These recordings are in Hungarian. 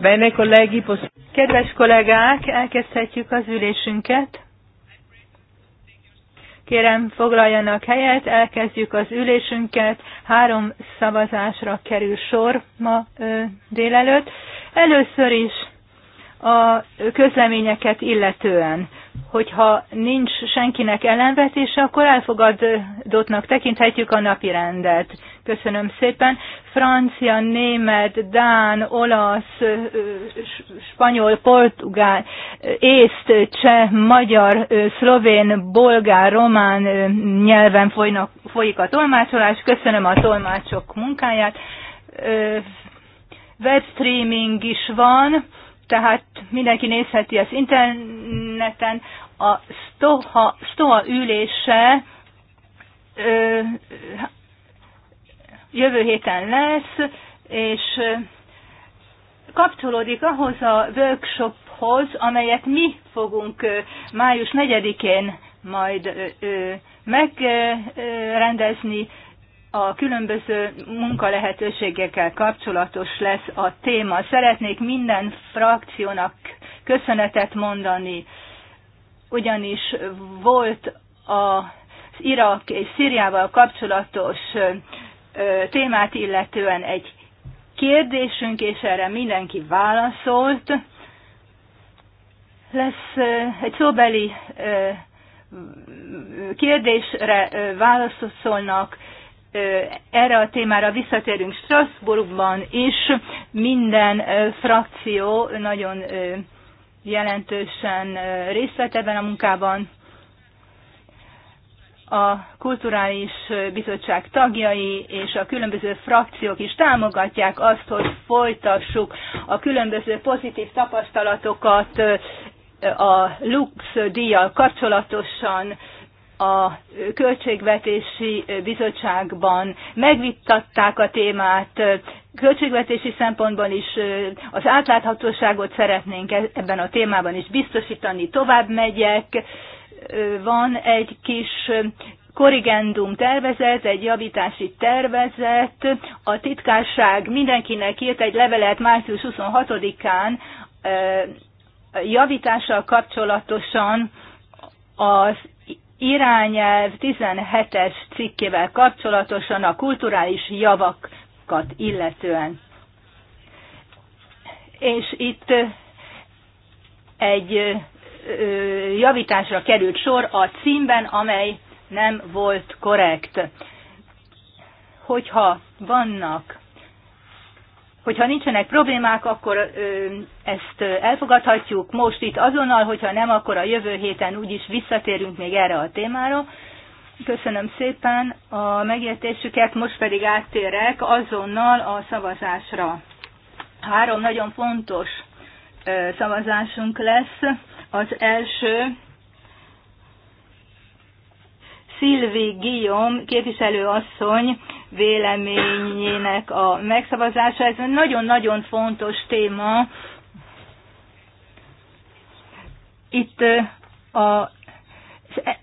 Bene, kollégi, Kedves kollégák, elkezdhetjük az ülésünket. Kérem, foglaljanak helyet, elkezdjük az ülésünket. Három szavazásra kerül sor ma ö, délelőtt. Először is a közleményeket illetően hogyha nincs senkinek ellenvetése, akkor elfogadottnak tekinthetjük a napi rendet. Köszönöm szépen. Francia, német, dán, olasz, spanyol, portugál, észt, cseh, magyar, szlovén, bolgár, román nyelven folynak, folyik a tolmácsolás. Köszönöm a tolmácsok munkáját. Webstreaming is van, tehát mindenki nézheti az interneten. A Stoha, Stoha ülése jövő héten lesz, és kapcsolódik ahhoz a workshophoz, amelyet mi fogunk május 4-én majd megrendezni. A különböző munkalehetőségekkel kapcsolatos lesz a téma. Szeretnék minden frakciónak köszönetet mondani, ugyanis volt az Irak és Szíriával kapcsolatos témát illetően egy kérdésünk, és erre mindenki válaszolt. Lesz egy szóbeli kérdésre válaszolnak, erre a témára visszatérünk Strasbourgban is. Minden frakció nagyon jelentősen részt vett ebben a munkában a kulturális bizottság tagjai és a különböző frakciók is támogatják azt, hogy folytassuk a különböző pozitív tapasztalatokat a Lux díjjal kapcsolatosan a Költségvetési Bizottságban megvittatták a témát, költségvetési szempontból is az átláthatóságot szeretnénk e-, ebben a témában is biztosítani, tovább megyek, van egy kis korrigendum tervezet, egy javítási tervezet. A titkárság mindenkinek írt egy levelet március 26-án javítással kapcsolatosan az irányelv 17-es cikkével kapcsolatosan a kulturális javakat illetően. És itt egy javításra került sor a címben, amely nem volt korrekt. Hogyha vannak, hogyha nincsenek problémák, akkor ezt elfogadhatjuk most itt azonnal, hogyha nem, akkor a jövő héten úgyis visszatérünk még erre a témára. Köszönöm szépen a megértésüket, most pedig áttérek azonnal a szavazásra. Három nagyon fontos szavazásunk lesz. Az első Szilvi Guillaume képviselőasszony véleményének a megszavazása. Ez egy nagyon-nagyon fontos téma. Itt a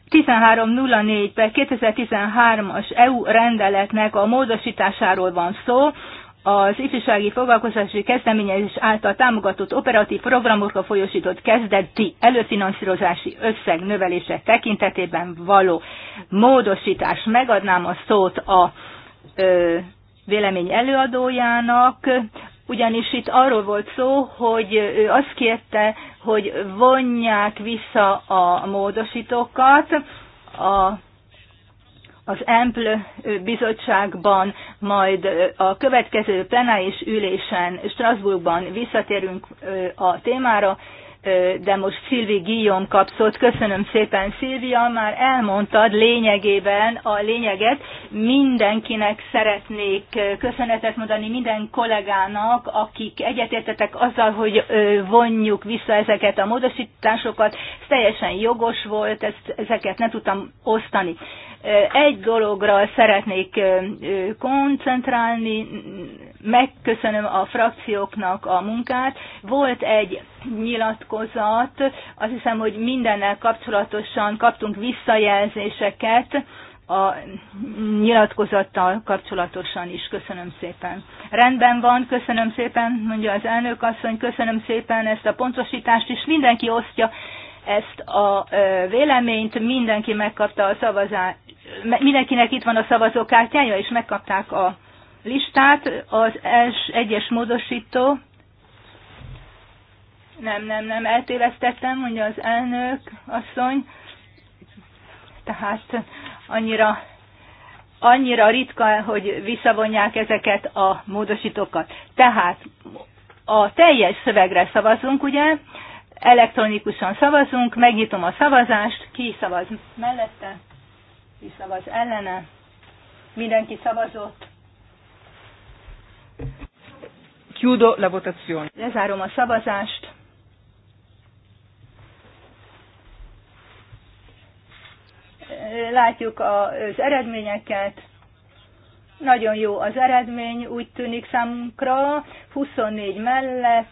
1304 per 2013-as EU rendeletnek a módosításáról van szó, az ifjúsági foglalkozási kezdeményezés által támogatott operatív programokra folyosított kezdeti előfinanszírozási összeg növelése tekintetében való módosítás. Megadnám a szót a ö, vélemény előadójának, ugyanis itt arról volt szó, hogy ő azt kérte, hogy vonják vissza a módosítókat, a az EMPL bizottságban, majd a következő plenáris ülésen Strasbourgban visszatérünk a témára, de most Szilvi Guillaume kapszott. Köszönöm szépen, Szilvia, már elmondtad lényegében a lényeget. Mindenkinek szeretnék köszönetet mondani, minden kollégának, akik egyetértetek azzal, hogy vonjuk vissza ezeket a módosításokat. Ez teljesen jogos volt, ezt, ezeket nem tudtam osztani. Egy dologra szeretnék koncentrálni, megköszönöm a frakcióknak a munkát. Volt egy nyilatkozat. Azt hiszem, hogy mindennel kapcsolatosan kaptunk visszajelzéseket a nyilatkozattal kapcsolatosan is. Köszönöm szépen. Rendben van, köszönöm szépen, mondja az elnök asszony, köszönöm szépen ezt a pontosítást, és mindenki osztja ezt a véleményt, mindenki megkapta a szavazást, mindenkinek itt van a szavazókártyája, és megkapták a listát, az els, egyes módosító nem, nem, nem, eltévesztettem, mondja az elnök asszony. Tehát annyira, annyira ritka, hogy visszavonják ezeket a módosítókat. Tehát a teljes szövegre szavazunk, ugye? Elektronikusan szavazunk, megnyitom a szavazást, ki szavaz mellette, ki szavaz ellene, mindenki szavazott. Chiudo la votazione. Lezárom a szavazást. látjuk az eredményeket, nagyon jó az eredmény, úgy tűnik számunkra, 24 mellett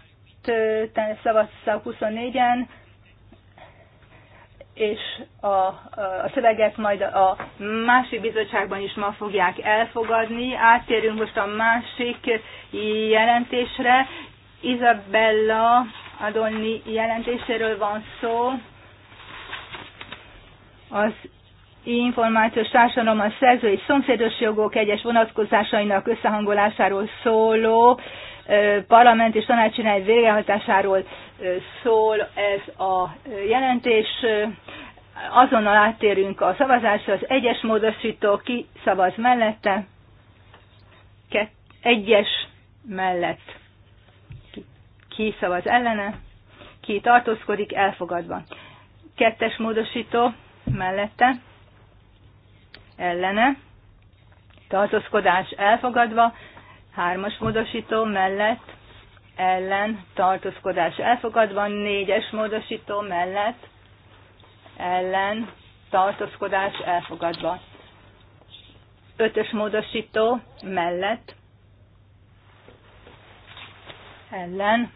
szavaztak 24-en, és a, a szöveget majd a másik bizottságban is ma fogják elfogadni. Átérünk most a másik jelentésre. Isabella Adolni jelentéséről van szó. Az információs társadalom a szerző és szomszédos jogok egyes vonatkozásainak összehangolásáról szóló parlament és tanácsinály végrehajtásáról szól ez a jelentés. Azonnal áttérünk a szavazásra, az egyes módosító ki szavaz mellette, kett egyes mellett ki, ki szavaz ellene, ki tartózkodik elfogadva. Kettes módosító mellette, ellene, tartózkodás elfogadva, hármas módosító mellett, ellen, tartózkodás elfogadva, négyes módosító mellett, ellen, tartózkodás elfogadva. Ötös módosító mellett, ellen,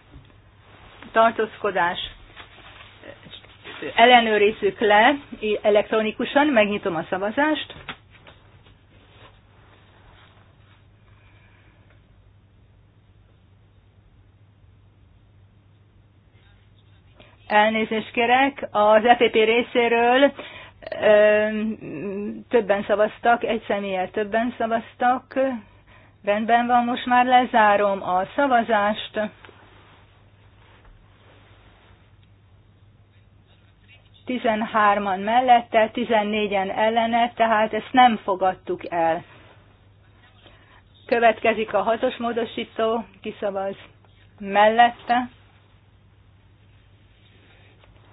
tartózkodás ellenőrizzük le elektronikusan, megnyitom a szavazást. Elnézést kérek, az EPP részéről többen szavaztak, egy személyel többen szavaztak. Rendben van, most már lezárom a szavazást. Tizenhárman mellette, tizennégyen ellene, tehát ezt nem fogadtuk el. Következik a hatos módosító, kiszavaz mellette,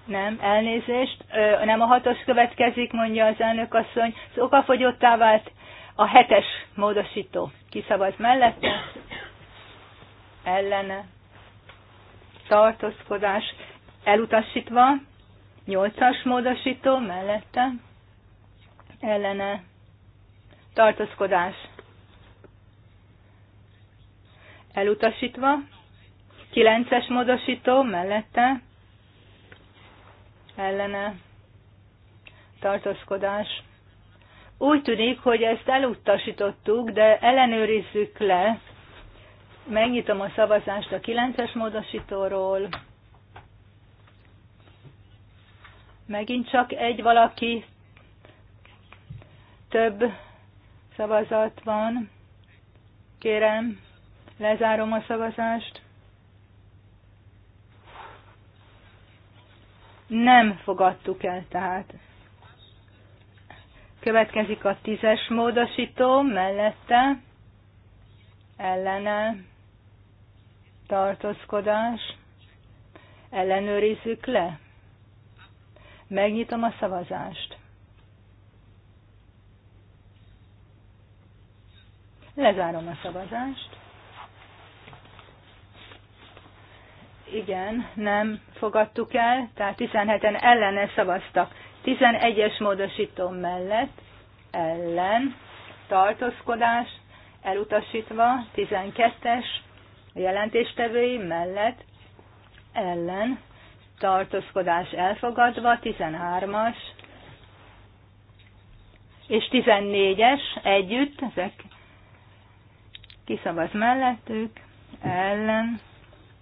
nem, elnézést, nem a hatos következik, mondja az elnök asszony, az okafogyottá vált a hetes módosító. Kiszavaz mellette, ellene, tartózkodás elutasítva, nyolcas módosító mellette, ellene, tartózkodás elutasítva, kilences módosító mellette, ellene tartózkodás. Úgy tűnik, hogy ezt elutasítottuk, de ellenőrizzük le. Megnyitom a szavazást a 9-es módosítóról. Megint csak egy valaki több szavazat van. Kérem, lezárom a szavazást. nem fogadtuk el tehát. Következik a tízes módosító mellette, ellene, tartózkodás, ellenőrizzük le. Megnyitom a szavazást. Lezárom a szavazást. igen, nem fogadtuk el, tehát 17-en ellene szavaztak. 11-es módosító mellett ellen tartózkodás elutasítva, 12-es jelentéstevői mellett ellen tartózkodás elfogadva, 13-as és 14-es együtt, ezek kiszavaz mellettük, ellen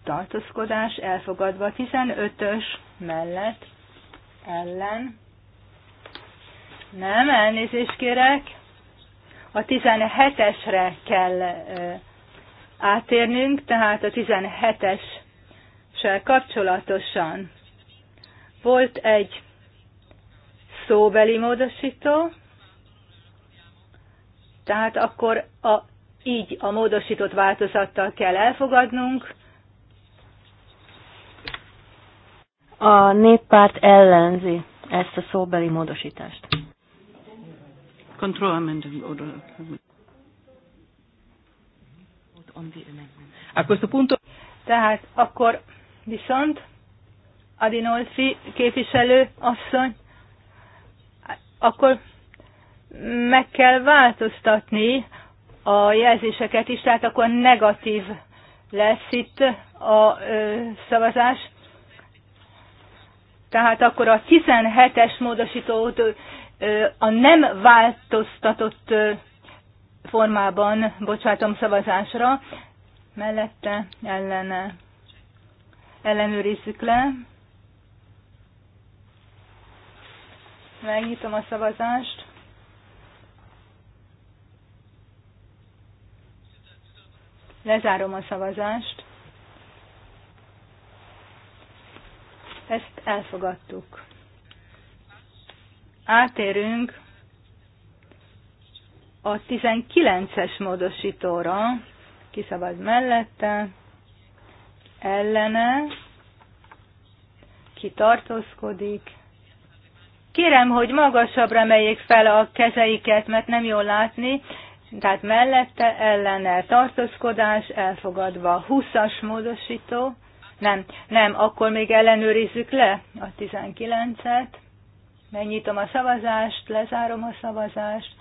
tartózkodás elfogadva 15-ös mellett ellen. Nem, elnézést kérek. A 17-esre kell ö, átérnünk, tehát a 17-essel kapcsolatosan volt egy szóbeli módosító, tehát akkor a, így a módosított változattal kell elfogadnunk, A néppárt ellenzi ezt a szóbeli módosítást. Tehát akkor viszont Adinolfi képviselő asszony, akkor meg kell változtatni a jelzéseket is, tehát akkor negatív lesz itt a ö, szavazás. Tehát akkor a 17-es módosítót a nem változtatott formában bocsátom szavazásra, mellette ellene ellenőrizzük le. Megnyitom a szavazást. Lezárom a szavazást. Ezt elfogadtuk. Átérünk a 19-es módosítóra, kiszabad mellette, ellene, kitartózkodik. Kérem, hogy magasabbra emeljék fel a kezeiket, mert nem jól látni. Tehát mellette ellene tartózkodás elfogadva. 20-as módosító nem, nem, akkor még ellenőrizzük le a 19-et. Megnyitom a szavazást, lezárom a szavazást.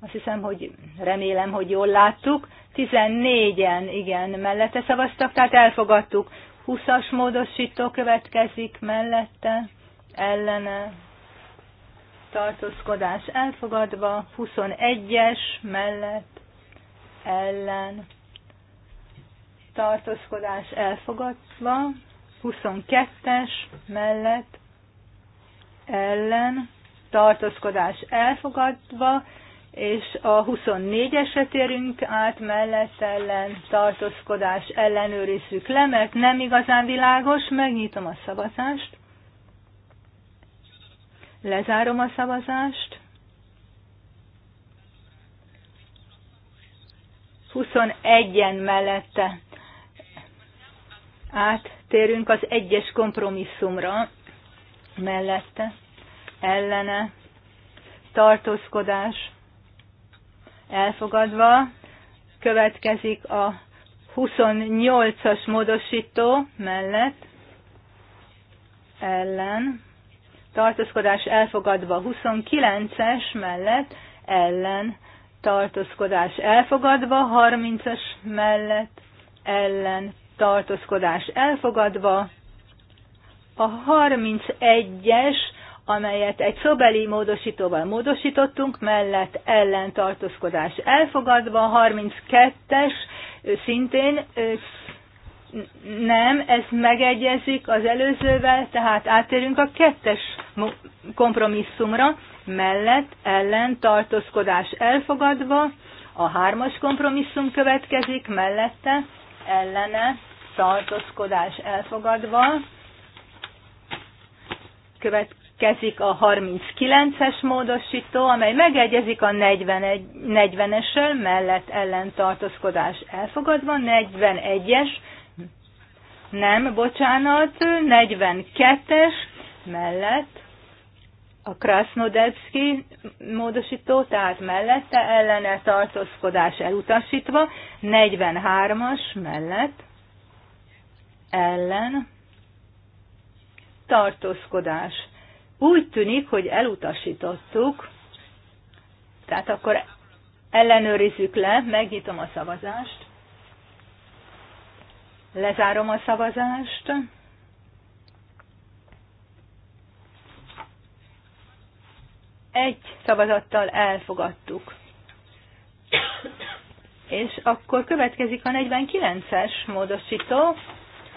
Azt hiszem, hogy remélem, hogy jól láttuk. 14-en, igen, mellette szavaztak, tehát elfogadtuk. 20-as módosító következik mellette, ellene, tartózkodás elfogadva, 21-es mellett, ellen, tartózkodás elfogadva, 22-es mellett ellen tartózkodás elfogadva, és a 24-esre térünk át, mellett ellen tartózkodás ellenőrizzük le, mert nem igazán világos, megnyitom a szavazást, lezárom a szavazást, 21-en mellette Áttérünk az egyes kompromisszumra mellette, ellene, tartózkodás elfogadva. Következik a 28-as módosító mellett, ellen, tartózkodás elfogadva 29-es mellett, ellen, tartózkodás elfogadva 30-as mellett, ellen, tartózkodás elfogadva, a 31-es, amelyet egy szobeli módosítóval módosítottunk, mellett ellentartózkodás elfogadva, a 32-es szintén nem, ez megegyezik az előzővel, tehát átérünk a kettes kompromisszumra, mellett ellentartózkodás elfogadva, a hármas kompromisszum következik, mellette ellene tartózkodás elfogadva. Következik a 39-es módosító, amely megegyezik a 41, 40-essel, mellett ellen tartózkodás elfogadva, 41-es, nem, bocsánat, 42-es mellett a Krasznodebszki módosító, tehát mellette ellene tartózkodás elutasítva, 43-as mellett ellen tartózkodás. Úgy tűnik, hogy elutasítottuk, tehát akkor ellenőrizzük le, megnyitom a szavazást, lezárom a szavazást, egy szavazattal elfogadtuk. És akkor következik a 49-es módosító,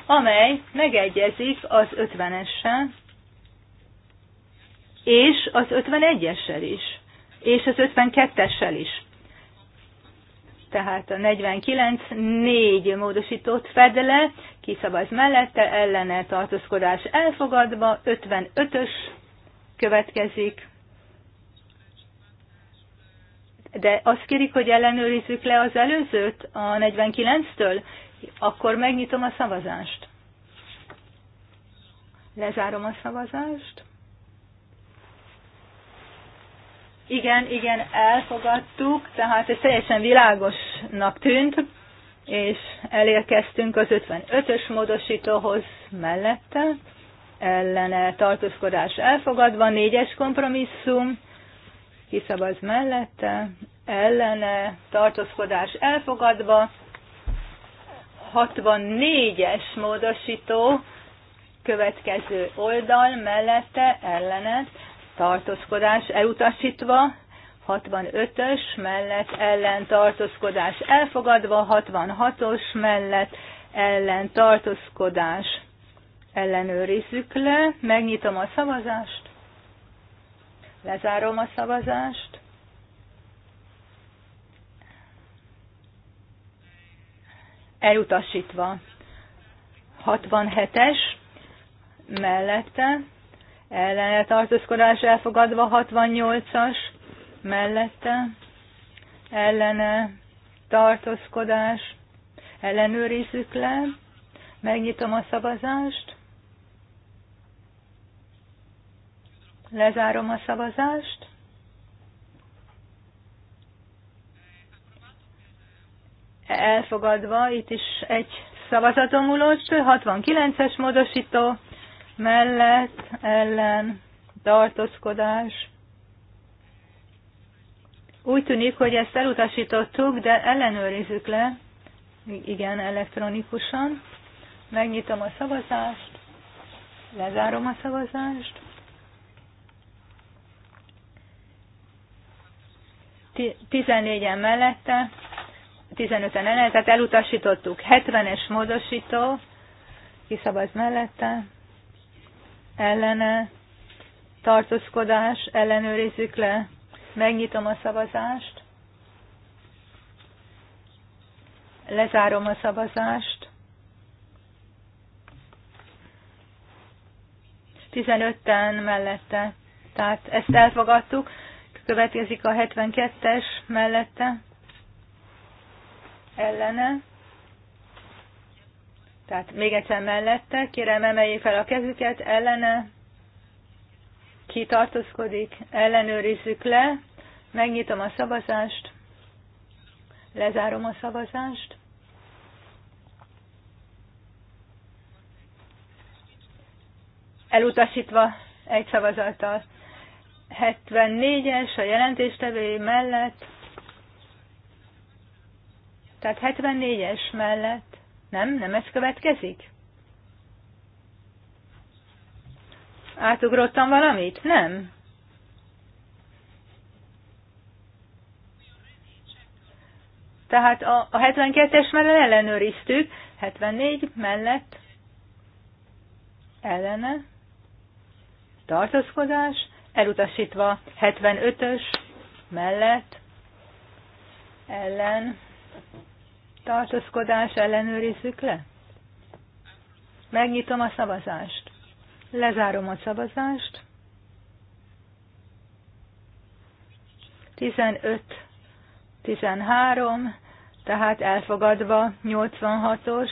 amely megegyezik az 50-essel, és az 51-essel is, és az 52-essel is. Tehát a 49 négy módosítót fed le, kiszavaz mellette, ellene tartózkodás elfogadva, 55-ös következik, de azt kérik, hogy ellenőrizzük le az előzőt a 49-től, akkor megnyitom a szavazást. Lezárom a szavazást. Igen, igen, elfogadtuk, tehát ez teljesen világosnak tűnt, és elérkeztünk az 55-ös módosítóhoz mellette, ellene tartózkodás elfogadva, négyes kompromisszum, kiszavaz mellette, ellene, tartózkodás elfogadva, 64-es módosító, következő oldal, mellette, ellene, tartózkodás elutasítva, 65-ös mellett ellen tartózkodás elfogadva, 66-os mellett ellen tartózkodás ellenőrizzük le, megnyitom a szavazást, Lezárom a szavazást. Elutasítva. 67-es mellette, ellene tartózkodás elfogadva 68-as mellette, ellene tartózkodás ellenőrizzük le, megnyitom a szavazást. Lezárom a szavazást. Elfogadva, itt is egy szavazatom múlott, 69-es módosító, mellett, ellen, tartózkodás. Úgy tűnik, hogy ezt elutasítottuk, de ellenőrizzük le, igen, elektronikusan. Megnyitom a szavazást, lezárom a szavazást. 14-en mellette, 15-en ellen, tehát elutasítottuk. 70-es módosító, kiszavaz mellette, ellene, tartózkodás, ellenőrizzük le, megnyitom a szavazást, lezárom a szavazást, 15-en mellette, tehát ezt elfogadtuk. Következik a 72-es mellette, ellene. Tehát még egyszer mellette, kérem emeljék fel a kezüket, ellene. Ki tartózkodik, ellenőrizzük le. Megnyitom a szavazást. Lezárom a szavazást. Elutasítva egy szavazattal. 74-es a jelentéstevői mellett, tehát 74-es mellett, nem, nem ez következik? Átugrottam valamit? Nem. Tehát a, a 72-es mellett ellenőriztük, 74 mellett ellene tartózkodás, elutasítva 75-ös mellett ellen tartózkodás ellenőrizzük le. Megnyitom a szavazást. Lezárom a szavazást. 15-13, tehát elfogadva 86-os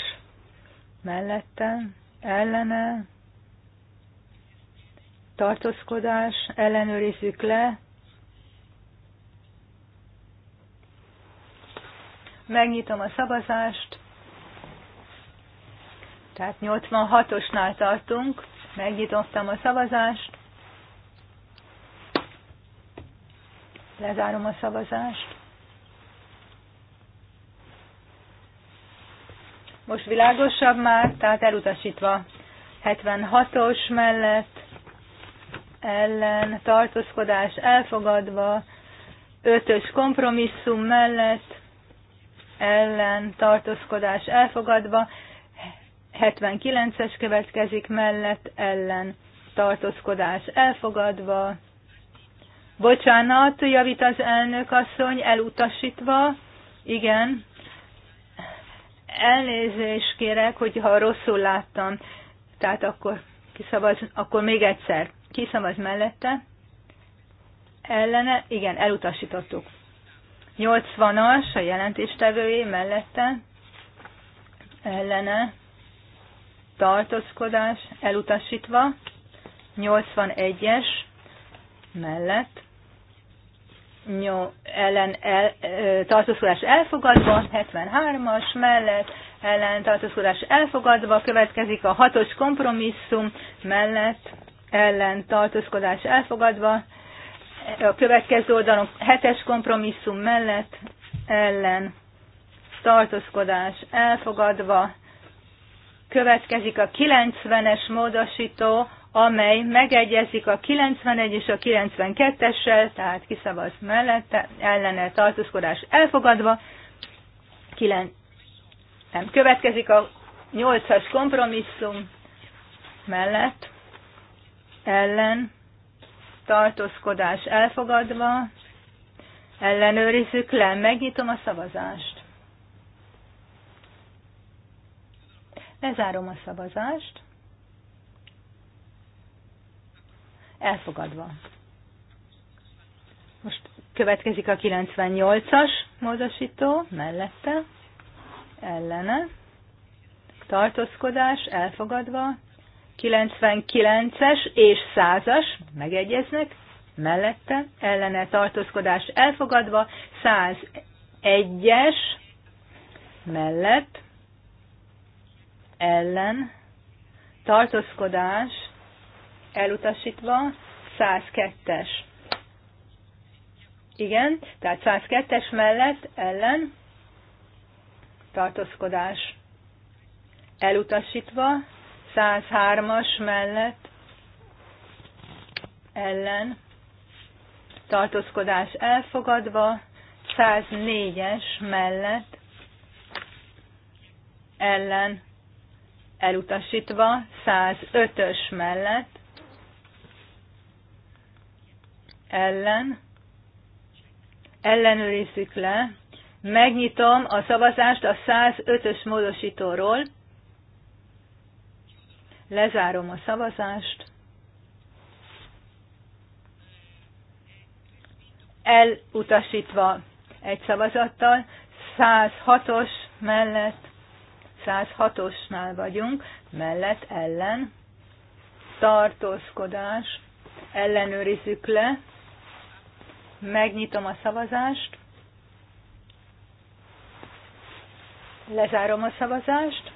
mellettem, ellene, tartózkodás, ellenőrizzük le. Megnyitom a szavazást. Tehát 86-osnál tartunk. Megnyitottam a szavazást. Lezárom a szavazást. Most világosabb már, tehát elutasítva 76-os mellett ellen tartózkodás elfogadva, ötös kompromisszum mellett ellen tartózkodás elfogadva, 79-es következik mellett ellen tartózkodás elfogadva, bocsánat, javít az elnök asszony, elutasítva, igen, elnézést kérek, hogyha rosszul láttam, tehát akkor kiszavaz, akkor még egyszer ki szavaz mellette, ellene, igen, elutasítottuk. 80-as a jelentéstevői mellette, ellene, tartózkodás, elutasítva, 81-es mellett, nyol, ellen el, tartózkodás elfogadva, 73-as mellett, ellen tartózkodás elfogadva, következik a hatos kompromisszum mellett, ellen tartózkodás elfogadva, a következő oldalon hetes kompromisszum mellett ellen tartózkodás elfogadva, következik a 90-es módosító, amely megegyezik a 91 és a 92-essel, tehát kiszavaz mellette, ellene tartózkodás elfogadva, 9, nem, következik a 8-as kompromisszum mellett, ellen tartózkodás elfogadva, ellenőrizzük le, megnyitom a szavazást. Lezárom a szavazást. Elfogadva. Most következik a 98-as módosító mellette, ellene, tartózkodás elfogadva, 99-es és 100-as megegyeznek, mellette ellene tartózkodás elfogadva, 101-es mellett ellen tartózkodás elutasítva, 102-es. Igen, tehát 102-es mellett ellen tartózkodás elutasítva, 103-as mellett ellen tartózkodás elfogadva, 104-es mellett ellen elutasítva, 105-ös mellett ellen ellenőrizzük le. Megnyitom a szavazást a 105-ös módosítóról. Lezárom a szavazást. Elutasítva egy szavazattal, 106-os mellett, 106-osnál vagyunk, mellett ellen, tartózkodás, ellenőrizzük le, megnyitom a szavazást, lezárom a szavazást,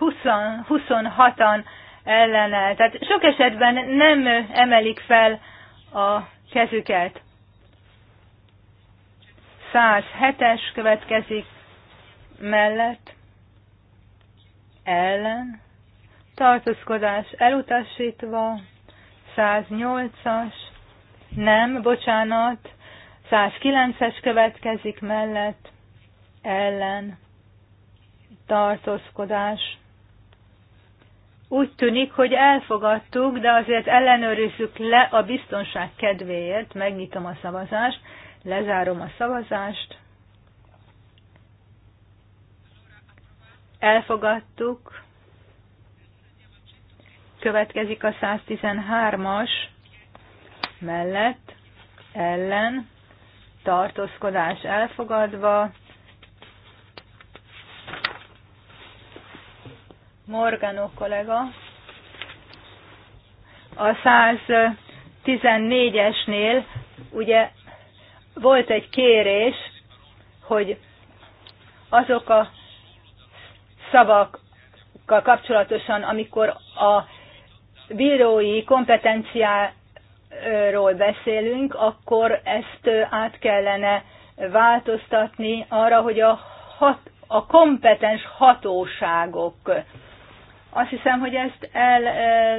26-an ellene. Tehát sok esetben nem emelik fel a kezüket. 107-es következik mellett ellen tartózkodás elutasítva 108-as nem, bocsánat 109-es következik mellett ellen tartózkodás úgy tűnik, hogy elfogadtuk, de azért ellenőrizzük le a biztonság kedvéért. Megnyitom a szavazást, lezárom a szavazást. Elfogadtuk. Következik a 113-as mellett, ellen, tartózkodás elfogadva, Morgano kollega a 114-esnél ugye volt egy kérés, hogy azok a szavakkal kapcsolatosan, amikor a bírói kompetenciáról beszélünk, akkor ezt át kellene változtatni arra, hogy a, hat, a kompetens hatóságok azt hiszem, hogy ezt el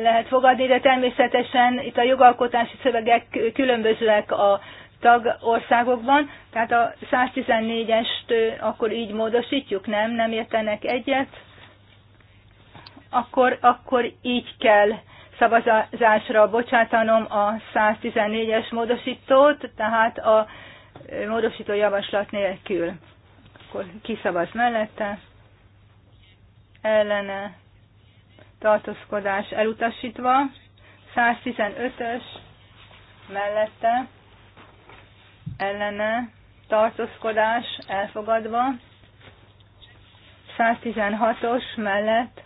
lehet fogadni, de természetesen itt a jogalkotási szövegek különbözőek a tagországokban, tehát a 114-est akkor így módosítjuk, nem? Nem értenek egyet? Akkor, akkor így kell szavazásra bocsátanom a 114-es módosítót, tehát a módosító javaslat nélkül. Akkor kiszavaz mellette, ellene, tartózkodás elutasítva, 115-ös mellette ellene tartózkodás elfogadva, 116-os mellett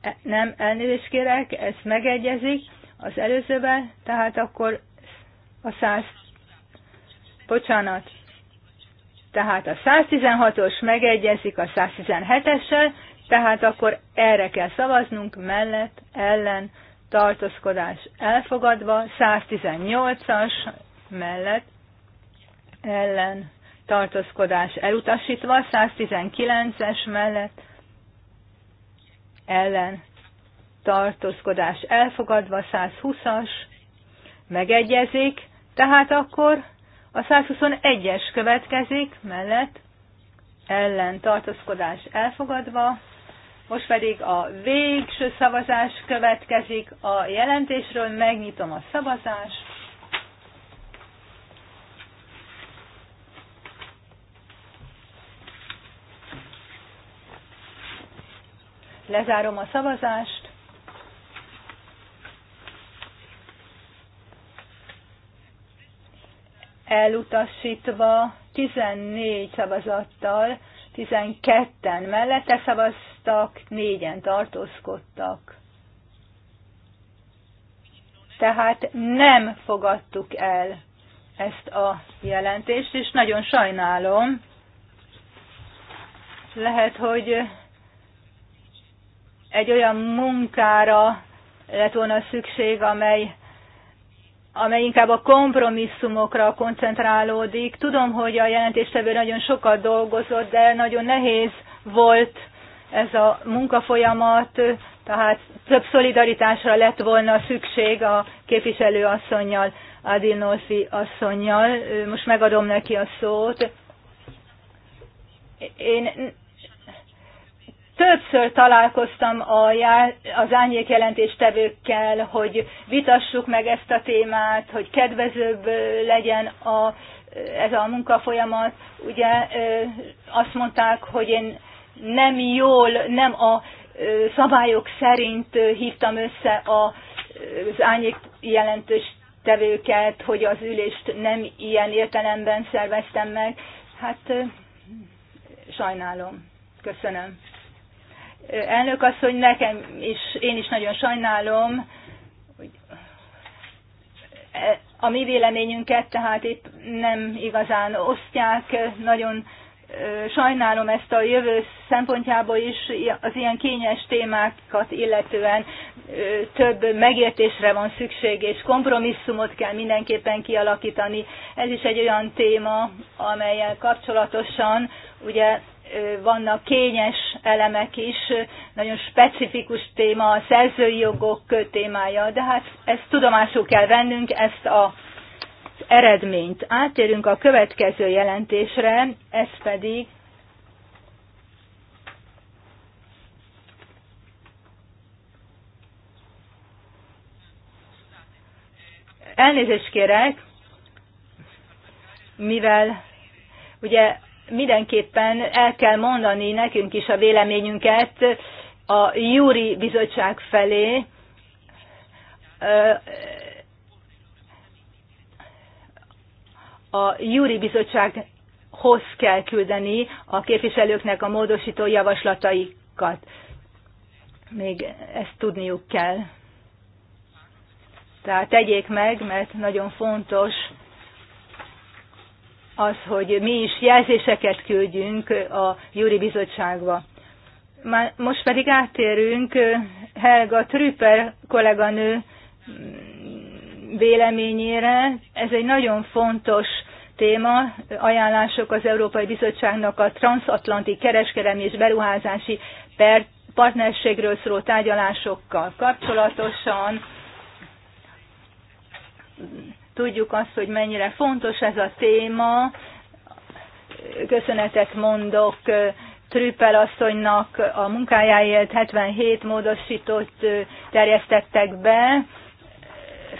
e, nem elnézést kérek, ez megegyezik az előzővel, tehát akkor a 100, bocsánat, tehát a 116-os megegyezik a 117-essel, tehát akkor erre kell szavaznunk, mellett, ellen, tartózkodás elfogadva, 118-as mellett, ellen, tartózkodás elutasítva, 119-es mellett, ellen, tartózkodás elfogadva, 120-as, megegyezik, tehát akkor a 121-es következik, mellett, ellen, tartózkodás elfogadva, most pedig a végső szavazás következik a jelentésről. Megnyitom a szavazást. Lezárom a szavazást. Elutasítva 14 szavazattal 12-en mellette szavaztak, négyen tartózkodtak. Tehát nem fogadtuk el ezt a jelentést, és nagyon sajnálom. Lehet, hogy egy olyan munkára lett volna szükség, amely amely inkább a kompromisszumokra koncentrálódik. Tudom, hogy a jelentéstevő nagyon sokat dolgozott, de nagyon nehéz volt ez a munkafolyamat, tehát több szolidaritásra lett volna szükség a képviselő asszonynal, Adinolfi asszonynal. Most megadom neki a szót. Én Többször találkoztam a já, az jelentéstevőkkel, hogy vitassuk meg ezt a témát, hogy kedvezőbb legyen a, ez a munkafolyamat. Ugye azt mondták, hogy én nem jól, nem a szabályok szerint hívtam össze a, az árnyék jelentős hogy az ülést nem ilyen értelemben szerveztem meg. Hát sajnálom. Köszönöm. Elnök asszony, nekem is, én is nagyon sajnálom, hogy a mi véleményünket tehát itt nem igazán osztják, nagyon sajnálom ezt a jövő szempontjából is az ilyen kényes témákat illetően több megértésre van szükség, és kompromisszumot kell mindenképpen kialakítani. Ez is egy olyan téma, amelyel kapcsolatosan ugye vannak kényes elemek is, nagyon specifikus téma a szerzői jogok témája, de hát ezt tudomásul kell vennünk, ezt a az eredményt. Átérünk a következő jelentésre, ez pedig Elnézést kérek, mivel ugye mindenképpen el kell mondani nekünk is a véleményünket a Júri Bizottság felé, a Júri Bizottsághoz kell küldeni a képviselőknek a módosító javaslataikat. Még ezt tudniuk kell. Tehát tegyék meg, mert nagyon fontos az, hogy mi is jelzéseket küldjünk a Júri Bizottságba. Már most pedig áttérünk Helga Trüper kolléganő mm, véleményére. Ez egy nagyon fontos téma, ajánlások az Európai Bizottságnak a transatlanti kereskedelmi és beruházási partnerségről szóló tárgyalásokkal kapcsolatosan Tudjuk azt, hogy mennyire fontos ez a téma. Köszönetet mondok Trüppel asszonynak a munkájáért 77 módosítót terjesztettek be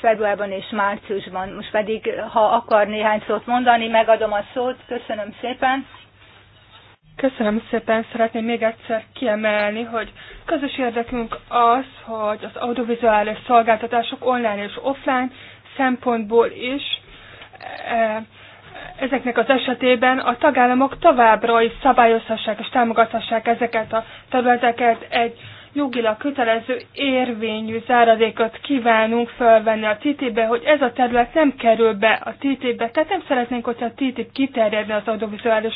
februárban és márciusban. Most pedig, ha akar néhány szót mondani, megadom a szót. Köszönöm szépen. Köszönöm szépen, szeretném még egyszer kiemelni, hogy közös érdekünk az, hogy az audiovizuális szolgáltatások online és offline szempontból is e, ezeknek az esetében a tagállamok továbbra is szabályozhassák és támogathassák ezeket a területeket. Egy jogilag kötelező érvényű záradékot kívánunk felvenni a TTIP-be, hogy ez a terület nem kerül be a TTIP-be, tehát nem szeretnénk, hogyha a TTIP kiterjedne az audiovizuális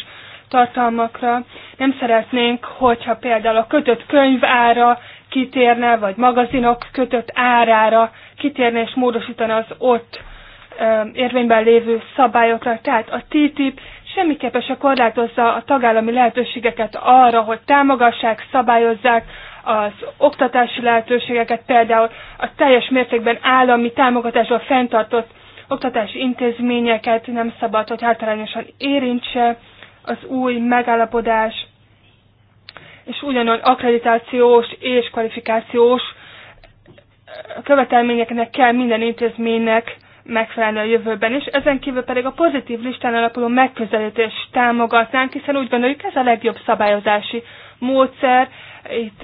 tartalmakra. Nem szeretnénk, hogyha például a kötött könyv ára kitérne, vagy magazinok kötött árára kitérne és módosítana az ott érvényben lévő szabályokra. Tehát a TTIP semmiképpen se korlátozza a tagállami lehetőségeket arra, hogy támogassák, szabályozzák az oktatási lehetőségeket, például a teljes mértékben állami támogatásról fenntartott oktatási intézményeket nem szabad, hogy általányosan érintse az új megállapodás és ugyanolyan akkreditációs és kvalifikációs eh, követelményeknek kell minden intézménynek megfelelni a jövőben is. Ezen kívül pedig a pozitív listán alapuló megközelítést támogatnánk, hiszen úgy gondoljuk ez a legjobb szabályozási módszer, itt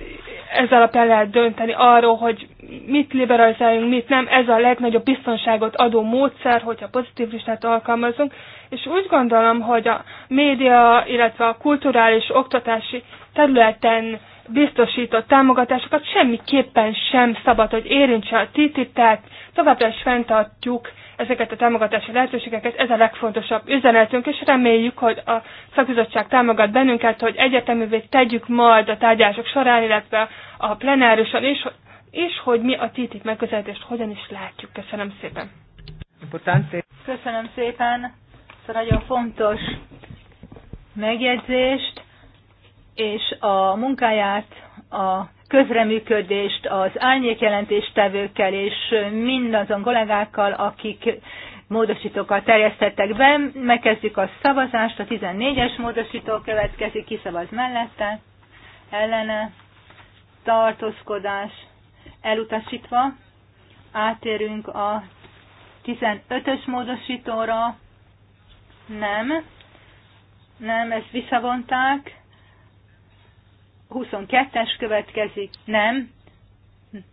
ez alapján lehet dönteni arról, hogy mit liberalizáljunk, mit nem. Ez a legnagyobb biztonságot adó módszer, hogyha pozitív listát alkalmazunk. És úgy gondolom, hogy a média, illetve a kulturális, oktatási területen biztosított támogatásokat semmiképpen sem szabad, hogy érintse a TTIP, tehát továbbra is fenntartjuk ezeket a támogatási lehetőségeket, ez a legfontosabb üzenetünk, és reméljük, hogy a szakbizottság támogat bennünket, hogy egyeteművé tegyük majd a tárgyások során, illetve a plenárison is, és hogy mi a TTIP megközelítést hogyan is látjuk. Köszönöm szépen. Köszönöm szépen. Ez nagyon fontos megjegyzést és a munkáját, a közreműködést az árnyékjelentéstevőkkel és mindazon kollégákkal, akik módosítókkal terjesztettek be. Megkezdjük a szavazást, a 14-es módosító következik, kiszavaz mellette, ellene, tartózkodás elutasítva. Átérünk a 15-ös módosítóra. Nem. Nem, ezt visszavonták. 22-es következik, nem,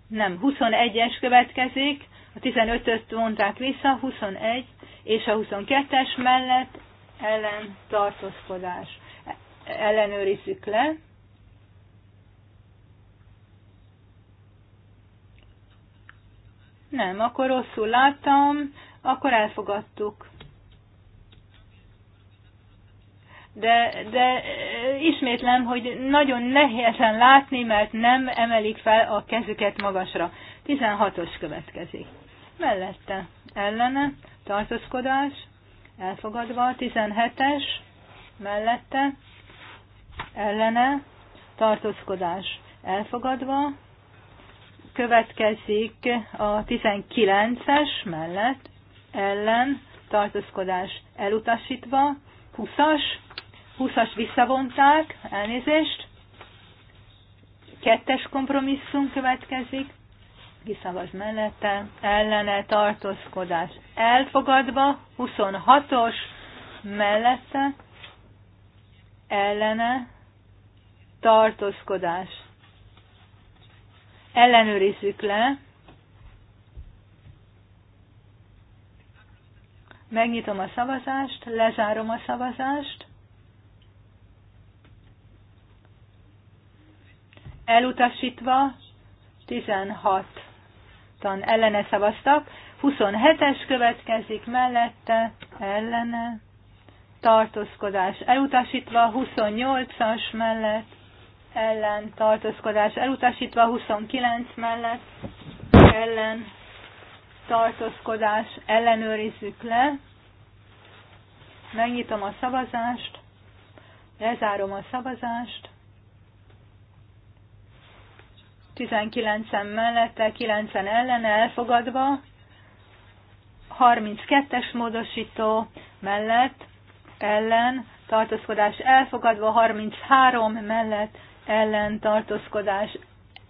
nem, 21-es következik, a 15-öt vonták vissza, 21, és a 22-es mellett ellen tartózkodás. E- ellenőrizzük le. Nem, akkor rosszul láttam, akkor elfogadtuk. de, de eh, ismétlem, hogy nagyon nehézen látni, mert nem emelik fel a kezüket magasra. 16-os következik. Mellette ellene tartózkodás, elfogadva, 17-es mellette ellene tartózkodás, elfogadva, következik a 19-es mellett ellen tartózkodás elutasítva, 20-as 20-as visszavonták, elnézést. Kettes kompromisszum következik. Kiszavaz mellette, ellene tartózkodás elfogadva, 26-os mellette, ellene tartózkodás. Ellenőrizzük le. Megnyitom a szavazást, lezárom a szavazást. elutasítva, 16-tan ellene szavaztak, 27-es következik mellette, ellene, tartózkodás elutasítva, 28-as mellett, ellen, tartózkodás elutasítva, 29 mellett, ellen, tartózkodás ellenőrizzük le, megnyitom a szavazást, lezárom a szavazást, 19-en mellette, 9 ellene elfogadva, 32-es módosító mellett, ellen, tartózkodás elfogadva, 33 mellett, ellen, tartózkodás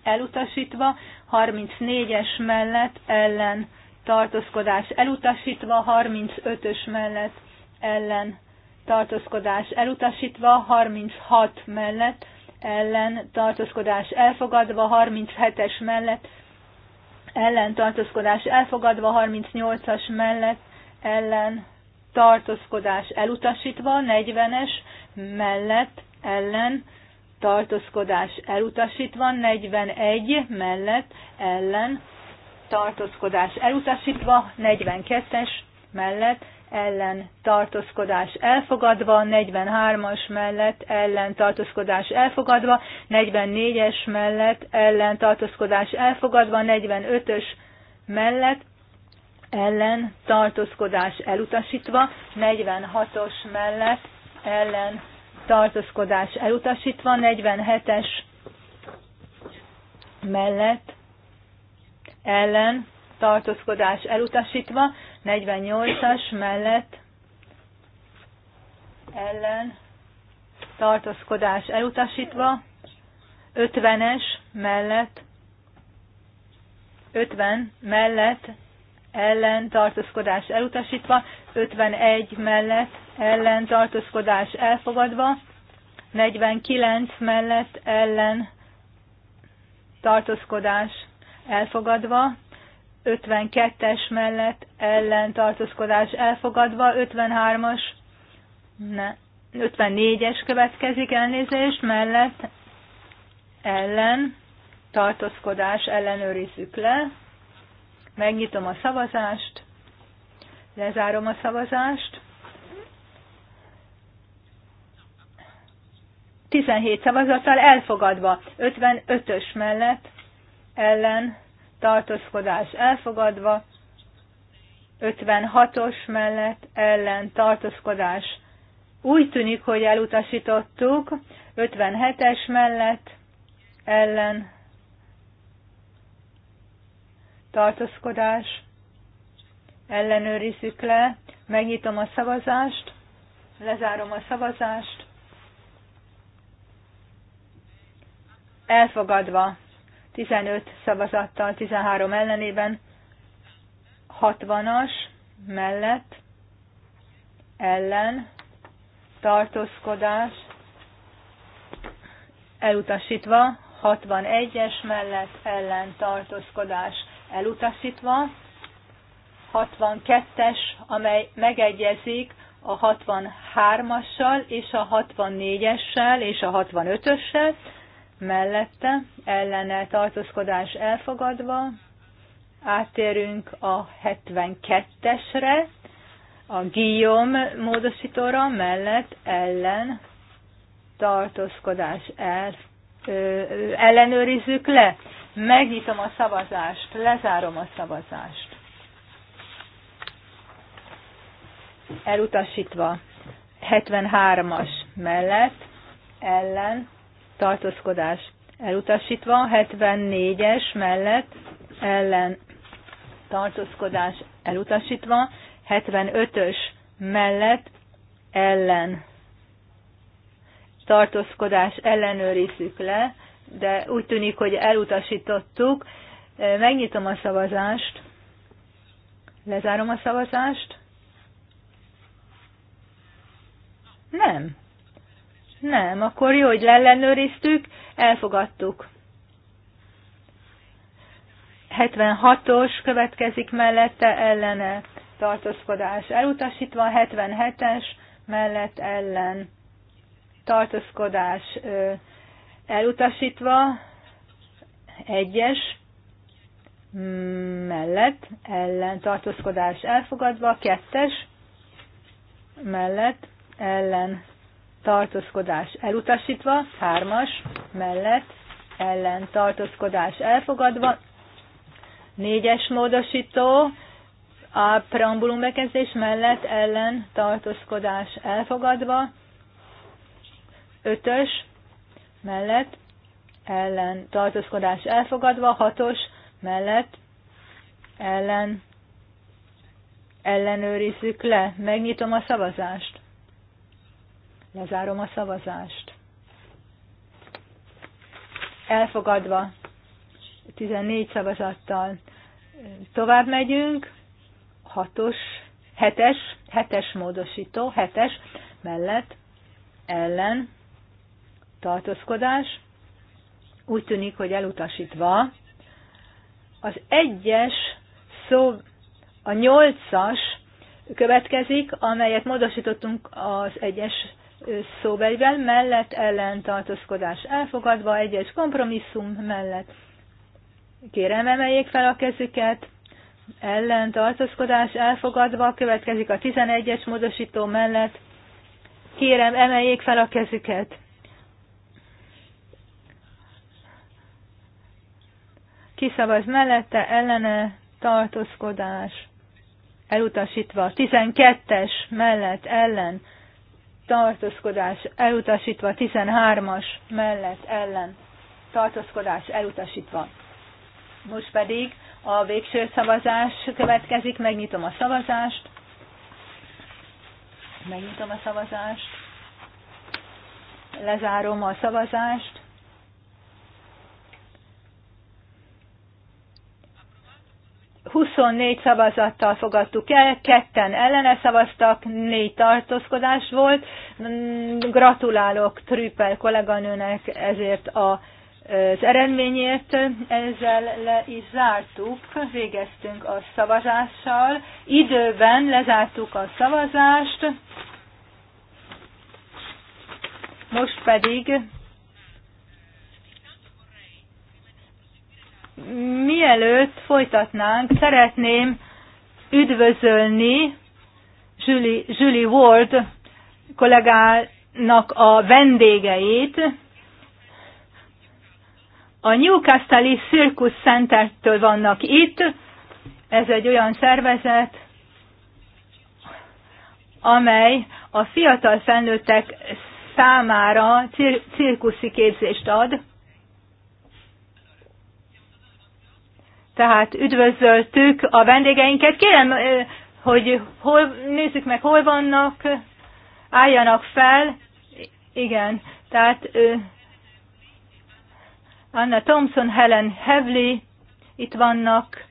elutasítva, 34-es mellett, ellen, tartózkodás elutasítva, 35-ös mellett, ellen, tartózkodás elutasítva, 36 mellett, ellen tartózkodás elfogadva, 37-es mellett ellen tartózkodás elfogadva, 38-as mellett ellen tartózkodás elutasítva, 40-es mellett ellen tartózkodás elutasítva, 41 mellett ellen tartózkodás elutasítva, 42-es mellett ellen tartózkodás elfogadva, 43-as mellett ellen tartózkodás elfogadva, 44-es mellett ellen tartózkodás elfogadva, 45-ös mellett ellen tartózkodás elutasítva, 46-os mellett ellen tartózkodás elutasítva, 47-es mellett ellen tartózkodás elutasítva, 48-as mellett ellen tartózkodás elutasítva, 50-es mellett 50 mellett ellen tartózkodás elutasítva, 51 mellett ellen tartózkodás elfogadva, 49 mellett ellen tartózkodás elfogadva, 52-es mellett ellen tartózkodás elfogadva, 53-as, ne, 54-es következik elnézést, mellett ellen tartózkodás ellenőrizzük le. Megnyitom a szavazást, lezárom a szavazást. 17 szavazattal elfogadva, 55-ös mellett ellen tartózkodás elfogadva, 56-os mellett ellen tartózkodás. Úgy tűnik, hogy elutasítottuk, 57-es mellett ellen tartózkodás. Ellenőrizzük le, megnyitom a szavazást, lezárom a szavazást. Elfogadva. 15 szavazattal, 13 ellenében, 60-as mellett, ellen, tartózkodás, elutasítva, 61-es mellett, ellen, tartózkodás, elutasítva, 62-es, amely megegyezik a 63-assal és a 64-essel és a 65-össel, mellette, ellene tartózkodás elfogadva, átérünk a 72-esre, a Guillaume módosítóra mellett ellen tartózkodás el, ö, ö, ellenőrizzük le. Megnyitom a szavazást, lezárom a szavazást. Elutasítva 73-as mellett ellen tartózkodás elutasítva, 74-es mellett ellen tartózkodás elutasítva, 75-ös mellett ellen tartózkodás ellenőrizzük le, de úgy tűnik, hogy elutasítottuk. Megnyitom a szavazást, lezárom a szavazást. Nem, nem, akkor jó, hogy leellenőriztük, elfogadtuk. 76-os következik mellette ellene tartózkodás elutasítva, 77-es mellett ellen tartózkodás elutasítva, egyes mellett ellen tartózkodás elfogadva, kettes mellett ellen tartózkodás elutasítva, hármas mellett ellen tartózkodás elfogadva, négyes módosító, a preambulum bekezdés mellett ellen tartózkodás elfogadva, ötös mellett ellen tartózkodás elfogadva, hatos mellett ellen ellenőrizzük le. Megnyitom a szavazást. Lezárom a szavazást. Elfogadva 14 szavazattal. Tovább megyünk. 6-os, 7-es, 7-es módosító, 7-es mellett ellen tartózkodás. Úgy tűnik, hogy elutasítva az 1-es szó, a 8-as következik, amelyet módosítottunk az egyes szóbelivel, mellett ellen tartózkodás elfogadva, egyes kompromisszum mellett. Kérem, emeljék fel a kezüket. Ellen tartózkodás elfogadva, következik a 11-es módosító mellett. Kérem, emeljék fel a kezüket. Kiszavaz mellette, ellene tartózkodás elutasítva. 12-es mellett, ellen tartózkodás elutasítva, 13-as mellett ellen tartózkodás elutasítva. Most pedig a végső szavazás következik, megnyitom a szavazást. Megnyitom a szavazást. Lezárom a szavazást. 24 szavazattal fogadtuk el, ketten ellene szavaztak, négy tartózkodás volt. Gratulálok Trüppel kolléganőnek ezért a, az eredményért. Ezzel le is zártuk, végeztünk a szavazással. Időben lezártuk a szavazást. Most pedig mielőtt folytatnánk, szeretném üdvözölni Julie, Julie Ward kollégának a vendégeit, a Newcastle-i Circus Center-től vannak itt. Ez egy olyan szervezet, amely a fiatal felnőttek számára cir- cirkuszi képzést ad. Tehát üdvözöltük a vendégeinket. Kérem, hogy hol, nézzük meg, hol vannak, álljanak fel. Igen, tehát Anna Thompson, Helen Hevley itt vannak.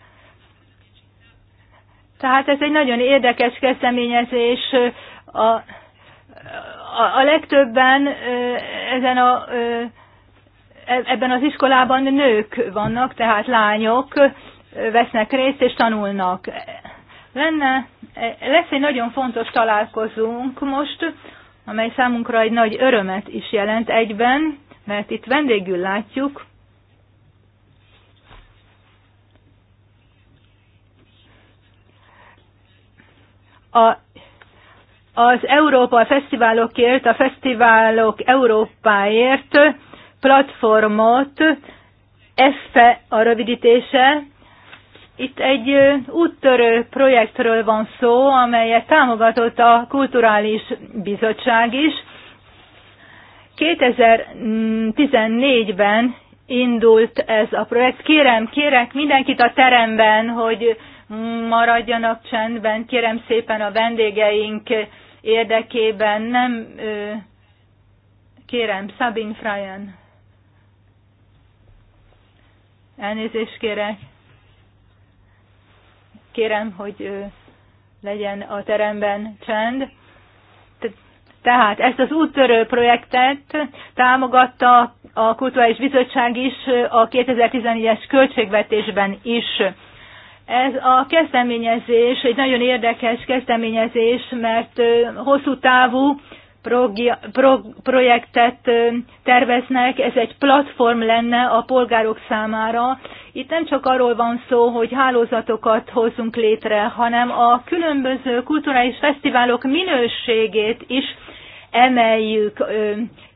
Tehát ez egy nagyon érdekes kezdeményezés. A, a, a legtöbben ezen a E- ebben az iskolában nők vannak, tehát lányok vesznek részt és tanulnak. Lenne, e, lesz egy nagyon fontos találkozónk most, amely számunkra egy nagy örömet is jelent egyben, mert itt vendégül látjuk a az Európa Fesztiválokért, a Fesztiválok Európáért platformot, EFFE a rövidítése. Itt egy úttörő projektről van szó, amelyet támogatott a Kulturális Bizottság is. 2014-ben indult ez a projekt. Kérem, kérek mindenkit a teremben, hogy maradjanak csendben, kérem szépen a vendégeink érdekében, nem kérem, Sabine Fryan. Elnézést kérek. Kérem, hogy legyen a teremben csend. Tehát ezt az úttörő projektet támogatta a Kulturális Bizottság is a 2014-es költségvetésben is. Ez a kezdeményezés egy nagyon érdekes kezdeményezés, mert hosszú távú projektet terveznek, ez egy platform lenne a polgárok számára. Itt nem csak arról van szó, hogy hálózatokat hozzunk létre, hanem a különböző kulturális fesztiválok minőségét is emeljük,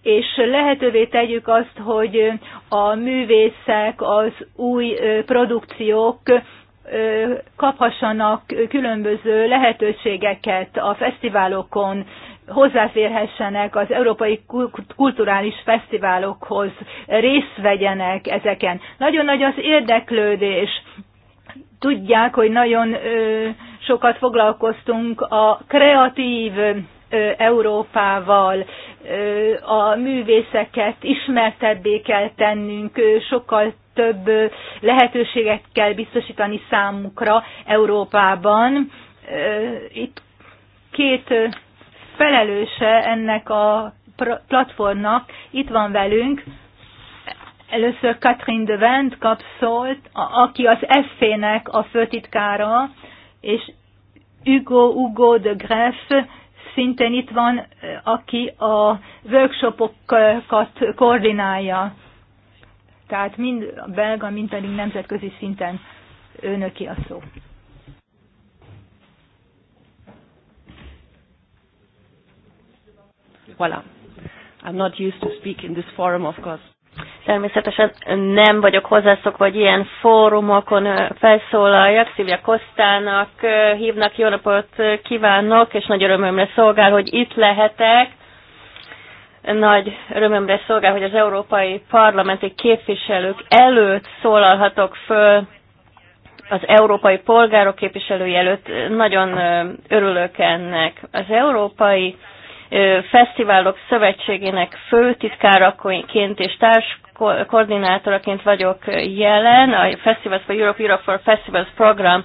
és lehetővé tegyük azt, hogy a művészek, az új produkciók kaphassanak különböző lehetőségeket a fesztiválokon, hozzáférhessenek az európai kulturális fesztiválokhoz, részt vegyenek ezeken. Nagyon nagy az érdeklődés. Tudják, hogy nagyon sokat foglalkoztunk a kreatív Európával, a művészeket ismertebbé kell tennünk, sokkal több lehetőséget kell biztosítani számukra Európában. Itt két felelőse ennek a platformnak itt van velünk. Először Catherine de Vent kap szólt, aki az FP-nek a főtitkára, és Hugo Hugo de Greff szintén itt van, aki a workshopokat koordinálja. Tehát mind a belga, mind pedig nemzetközi szinten önöki a szó. Voilà. I'm not used to speak in this forum, of course. Természetesen nem vagyok hozzászokva, hogy ilyen fórumokon felszólaljak. Szilvia Kosztának hívnak, jó napot kívánok, és nagy örömömre szolgál, hogy itt lehetek. Nagy örömömre szolgál, hogy az európai parlamenti képviselők előtt szólalhatok föl az európai polgárok képviselői előtt. Nagyon örülök ennek. Az európai Fesztiválok Szövetségének főtitkáraként és társ koordinátoraként vagyok jelen. A Festivals for Europe, Europe for Festivals program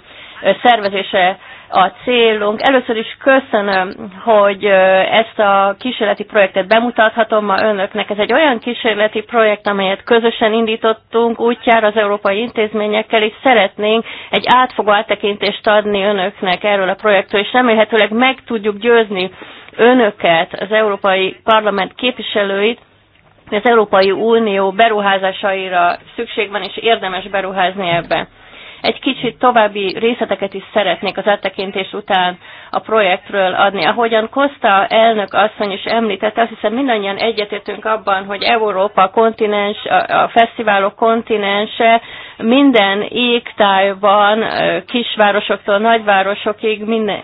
szervezése a célunk. Először is köszönöm, hogy ezt a kísérleti projektet bemutathatom ma önöknek. Ez egy olyan kísérleti projekt, amelyet közösen indítottunk útjára az európai intézményekkel, és szeretnénk egy átfogó áttekintést adni önöknek erről a projektről, és remélhetőleg meg tudjuk győzni önöket, az Európai Parlament képviselőit, az Európai Unió beruházásaira szükség van, és érdemes beruházni ebbe egy kicsit további részleteket is szeretnék az áttekintés után a projektről adni. Ahogyan Kosta elnök asszony is említette, azt hiszem mindannyian egyetértünk abban, hogy Európa a kontinens, a fesztiválok kontinense minden égtájban, kisvárosoktól nagyvárosokig, minden,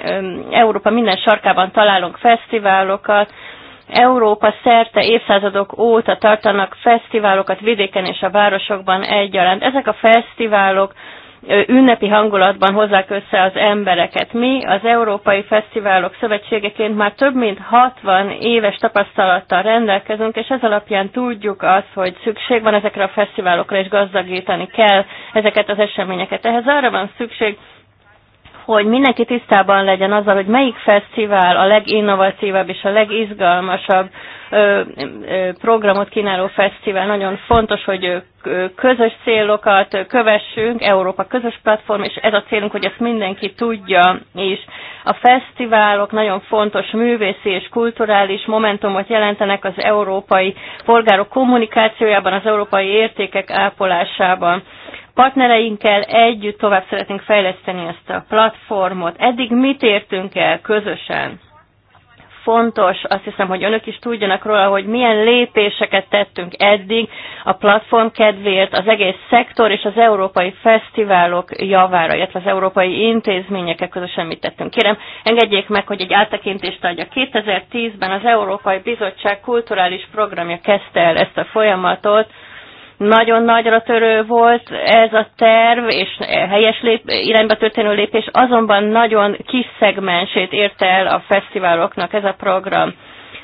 Európa minden sarkában találunk fesztiválokat, Európa szerte évszázadok óta tartanak fesztiválokat vidéken és a városokban egyaránt. Ezek a fesztiválok ünnepi hangulatban hozzák össze az embereket. Mi az Európai Fesztiválok Szövetségeként már több mint 60 éves tapasztalattal rendelkezünk, és ez alapján tudjuk azt, hogy szükség van ezekre a fesztiválokra, és gazdagítani kell ezeket az eseményeket. Ehhez arra van szükség, hogy mindenki tisztában legyen azzal, hogy melyik fesztivál a leginnovatívabb és a legizgalmasabb programot kínáló fesztivál. Nagyon fontos, hogy közös célokat kövessünk, Európa közös platform, és ez a célunk, hogy ezt mindenki tudja, és a fesztiválok nagyon fontos művészi és kulturális momentumot jelentenek az európai polgárok kommunikációjában, az európai értékek ápolásában partnereinkkel együtt tovább szeretnénk fejleszteni ezt a platformot. Eddig mit értünk el közösen? Fontos, azt hiszem, hogy önök is tudjanak róla, hogy milyen lépéseket tettünk eddig a platform kedvéért, az egész szektor és az európai fesztiválok javára, illetve az európai intézményekkel közösen mit tettünk. Kérem, engedjék meg, hogy egy áttekintést adjak. 2010-ben az Európai Bizottság kulturális programja kezdte el ezt a folyamatot, nagyon nagyra törő volt ez a terv, és helyes lép, irányba történő lépés, azonban nagyon kis szegmensét ért el a fesztiváloknak ez a program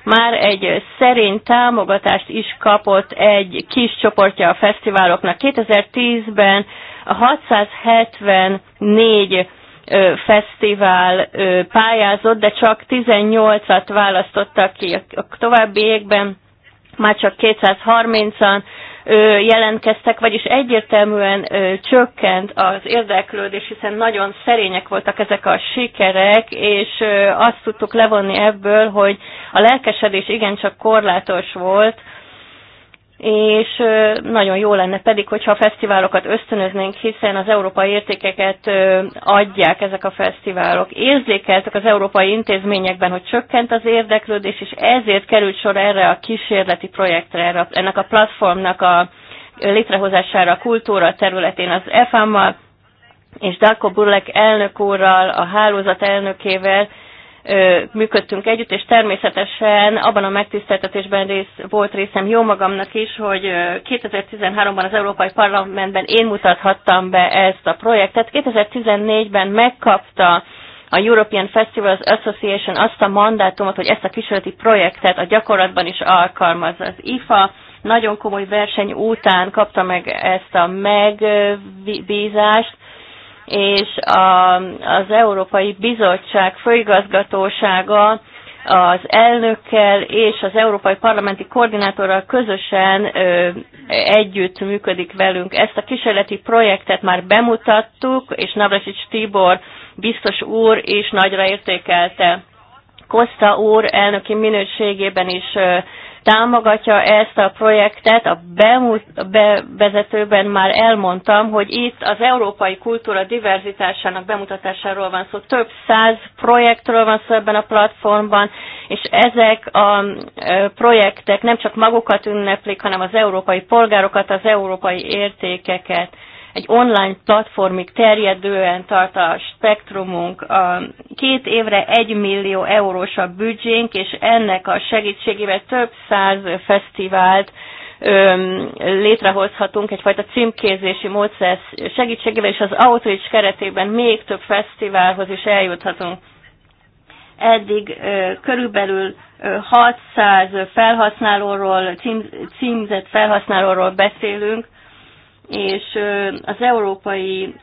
már egy szerény támogatást is kapott egy kis csoportja a fesztiváloknak. 2010-ben 674 fesztivál pályázott, de csak 18-at választottak ki a további évben, már csak 230-an jelentkeztek, vagyis egyértelműen csökkent az érdeklődés, hiszen nagyon szerények voltak ezek a sikerek, és azt tudtuk levonni ebből, hogy a lelkesedés igencsak korlátos volt, és nagyon jó lenne pedig, hogyha a fesztiválokat ösztönöznénk, hiszen az európai értékeket adják ezek a fesztiválok. Érzékeltek az európai intézményekben, hogy csökkent az érdeklődés, és ezért került sor erre a kísérleti projektre, erre, ennek a platformnak a létrehozására a kultúra területén az EFAM-mal, és Darko Burlek elnök úrral, a hálózat elnökével, működtünk együtt, és természetesen abban a megtiszteltetésben rész, volt részem jó magamnak is, hogy 2013-ban az Európai Parlamentben én mutathattam be ezt a projektet. 2014-ben megkapta a European Festivals Association azt a mandátumot, hogy ezt a kísérleti projektet a gyakorlatban is alkalmaz. Az IFA nagyon komoly verseny után kapta meg ezt a megbízást, és a, az Európai Bizottság főigazgatósága az elnökkel és az Európai Parlamenti Koordinátorral közösen ö, együtt működik velünk. Ezt a kísérleti projektet már bemutattuk, és Navracsics Tibor biztos úr is nagyra értékelte. Kosta úr elnöki minőségében is támogatja ezt a projektet. A bevezetőben már elmondtam, hogy itt az európai kultúra diverzitásának bemutatásáról van szó. Több száz projektről van szó ebben a platformban, és ezek a projektek nem csak magukat ünneplik, hanem az európai polgárokat, az európai értékeket egy online platformig terjedően tart a spektrumunk. A két évre egy millió eurós a büdzsénk, és ennek a segítségével több száz fesztivált létrehozhatunk egyfajta címkézési módszer segítségével, és az Outreach keretében még több fesztiválhoz is eljuthatunk. Eddig körülbelül 600 felhasználóról, cím, címzett felhasználóról beszélünk, és az Európai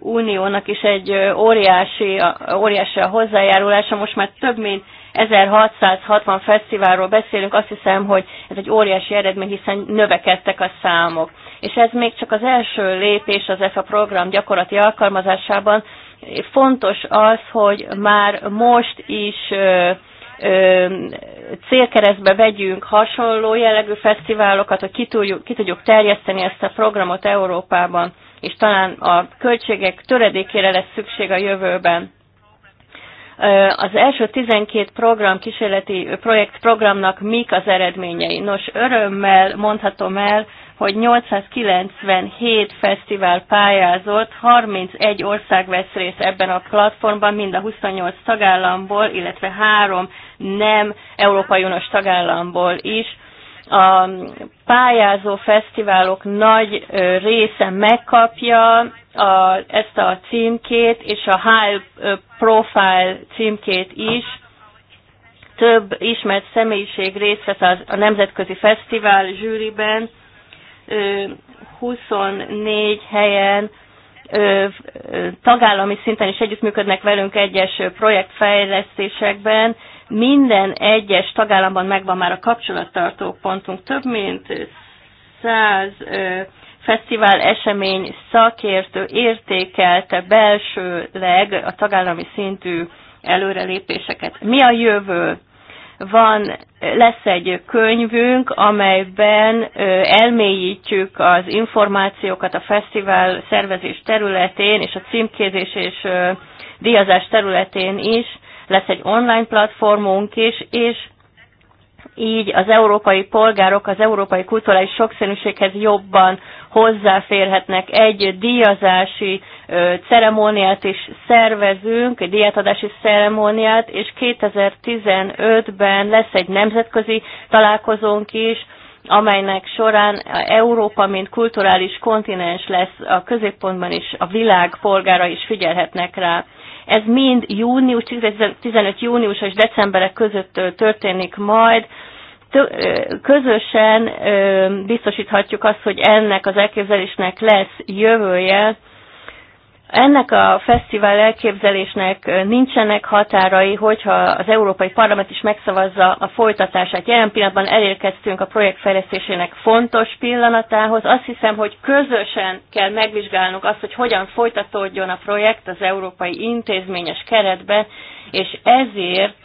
Uniónak is egy óriási, óriási a hozzájárulása. Most már több mint 1660 fesztiválról beszélünk, azt hiszem, hogy ez egy óriási eredmény, hiszen növekedtek a számok. És ez még csak az első lépés az EFA program gyakorlati alkalmazásában. Fontos az, hogy már most is célkeresztbe vegyünk hasonló jellegű fesztiválokat, hogy ki tudjuk, ki tudjuk terjeszteni ezt a programot Európában, és talán a költségek töredékére lesz szükség a jövőben. Az első 12 program, kísérleti projektprogramnak mik az eredményei? Nos, örömmel mondhatom el, hogy 897 fesztivál pályázott, 31 ország vesz részt ebben a platformban, mind a 28 tagállamból, illetve három nem Európai Uniós tagállamból is a pályázó fesztiválok nagy része megkapja a, ezt a címkét, és a High Profile címkét is. Több ismert személyiség részt vesz a nemzetközi fesztivál zsűriben, 24 helyen tagállami szinten is együttműködnek velünk egyes projektfejlesztésekben. Minden egyes tagállamban megvan már a kapcsolattartó pontunk. Több mint 100 fesztivál esemény szakértő értékelte belsőleg a tagállami szintű előrelépéseket. Mi a jövő? van, lesz egy könyvünk, amelyben elmélyítjük az információkat a fesztivál szervezés területén és a címkézés és díjazás területén is, lesz egy online platformunk is, és így az európai polgárok az európai kulturális sokszínűséghez jobban hozzáférhetnek. Egy díjazási ceremóniát is szervezünk, egy díjátadási ceremóniát, és 2015-ben lesz egy nemzetközi találkozónk is, amelynek során Európa, mint kulturális kontinens lesz a középpontban is, a világ polgára is figyelhetnek rá. Ez mind június, 15 június és decemberek között történik majd. Közösen biztosíthatjuk azt, hogy ennek az elképzelésnek lesz jövője, ennek a fesztivál elképzelésnek nincsenek határai, hogyha az Európai Parlament is megszavazza a folytatását. Jelen pillanatban elérkeztünk a projekt fejlesztésének fontos pillanatához. Azt hiszem, hogy közösen kell megvizsgálnunk azt, hogy hogyan folytatódjon a projekt az európai intézményes keretben, és ezért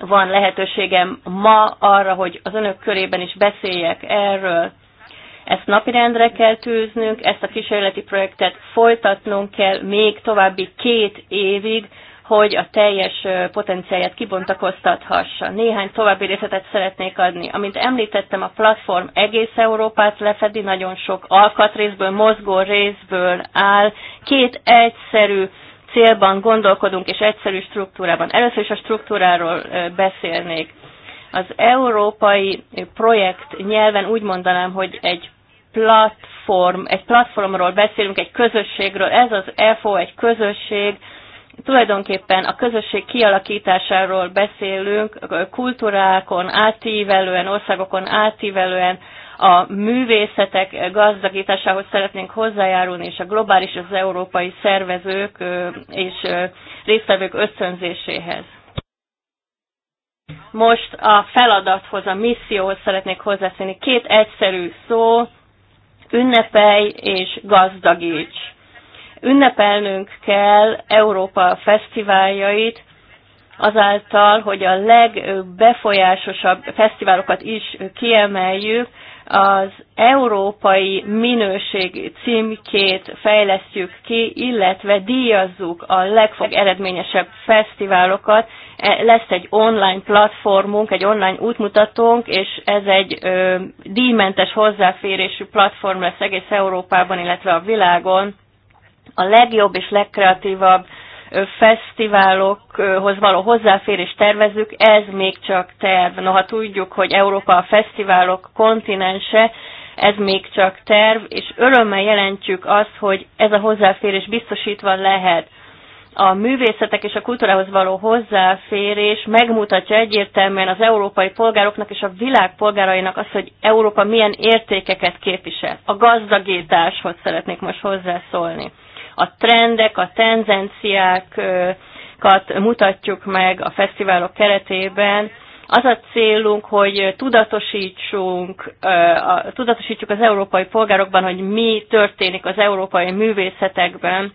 van lehetőségem ma arra, hogy az önök körében is beszéljek erről ezt napirendre kell tűznünk, ezt a kísérleti projektet folytatnunk kell még további két évig, hogy a teljes potenciáját kibontakoztathassa. Néhány további részletet szeretnék adni. Amint említettem, a platform egész Európát lefedi, nagyon sok alkatrészből, mozgó részből áll. Két egyszerű célban gondolkodunk, és egyszerű struktúrában. Először is a struktúráról beszélnék. Az európai projekt nyelven úgy mondanám, hogy egy platform, egy platformról beszélünk, egy közösségről, ez az EFO egy közösség, tulajdonképpen a közösség kialakításáról beszélünk, kultúrákon átívelően, országokon átívelően a művészetek gazdagításához szeretnénk hozzájárulni, és a globális, az európai szervezők és résztvevők ösztönzéséhez. Most a feladathoz, a misszióhoz szeretnék hozzászólni. Két egyszerű szó, ünnepelj és gazdagíts. Ünnepelnünk kell Európa fesztiváljait, azáltal, hogy a legbefolyásosabb fesztiválokat is kiemeljük, az európai minőség címkét fejlesztjük ki, illetve díjazzuk a legfog eredményesebb fesztiválokat. E, lesz egy online platformunk, egy online útmutatónk, és ez egy ö, díjmentes hozzáférésű platform lesz egész Európában, illetve a világon. A legjobb és legkreatívabb fesztiválokhoz való hozzáférés tervezük, ez még csak terv. Noha tudjuk, hogy Európa a fesztiválok kontinense, ez még csak terv, és örömmel jelentjük azt, hogy ez a hozzáférés biztosítva lehet. A művészetek és a kultúrához való hozzáférés megmutatja egyértelműen az európai polgároknak és a világ polgárainak azt, hogy Európa milyen értékeket képvisel. A gazdagításhoz szeretnék most hozzászólni a trendek, a tendenciákat mutatjuk meg a fesztiválok keretében. Az a célunk, hogy tudatosítsunk, tudatosítjuk az európai polgárokban, hogy mi történik az európai művészetekben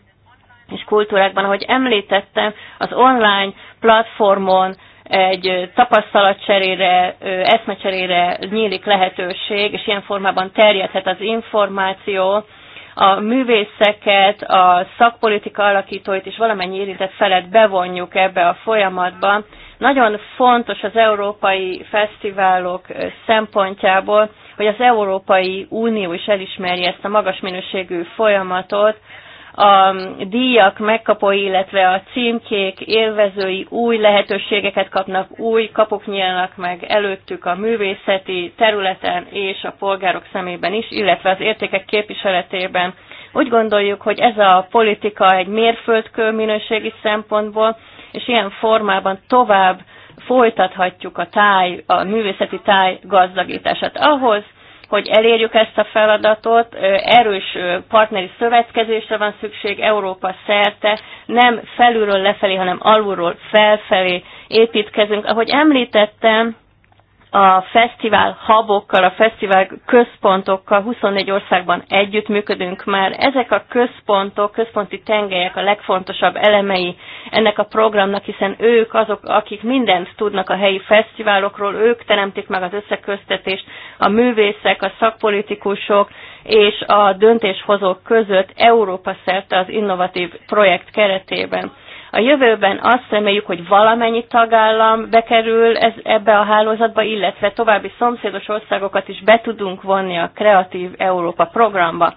és kultúrákban. Ahogy említettem, az online platformon egy tapasztalatcserére, eszmecserére nyílik lehetőség, és ilyen formában terjedhet az információ, a művészeket, a szakpolitika alakítóit és valamennyi érintett felet bevonjuk ebbe a folyamatba. Nagyon fontos az európai fesztiválok szempontjából, hogy az Európai Unió is elismerje ezt a magas minőségű folyamatot, a díjak megkapói, illetve a címkék élvezői új lehetőségeket kapnak, új kapuk nyílnak meg előttük a művészeti területen és a polgárok szemében is, illetve az értékek képviseletében. Úgy gondoljuk, hogy ez a politika egy mérföldkő minőségi szempontból, és ilyen formában tovább folytathatjuk a táj, a művészeti táj gazdagítását. Ahhoz, hogy elérjük ezt a feladatot, erős partneri szövetkezésre van szükség Európa szerte, nem felülről lefelé, hanem alulról felfelé építkezünk. Ahogy említettem, a fesztivál habokkal, a fesztivál központokkal 24 országban együttműködünk már. Ezek a központok, központi tengelyek a legfontosabb elemei ennek a programnak, hiszen ők azok, akik mindent tudnak a helyi fesztiválokról, ők teremtik meg az összeköztetést a művészek, a szakpolitikusok és a döntéshozók között Európa szerte az innovatív projekt keretében a jövőben azt reméljük, hogy valamennyi tagállam bekerül ez, ebbe a hálózatba, illetve további szomszédos országokat is be tudunk vonni a Kreatív Európa programba.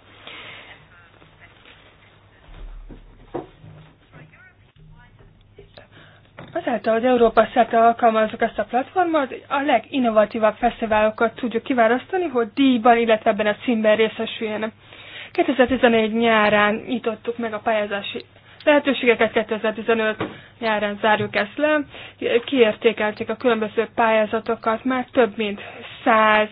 Azáltal, hogy Európa szerte alkalmazzuk ezt a platformot, a leginnovatívabb fesztiválokat tudjuk kiválasztani, hogy díjban, illetve ebben a címben részesüljenek. 2014 nyárán nyitottuk meg a pályázási lehetőségeket 2015 nyáron zárjuk ezt le. Kiértékelték a különböző pályázatokat, már több mint száz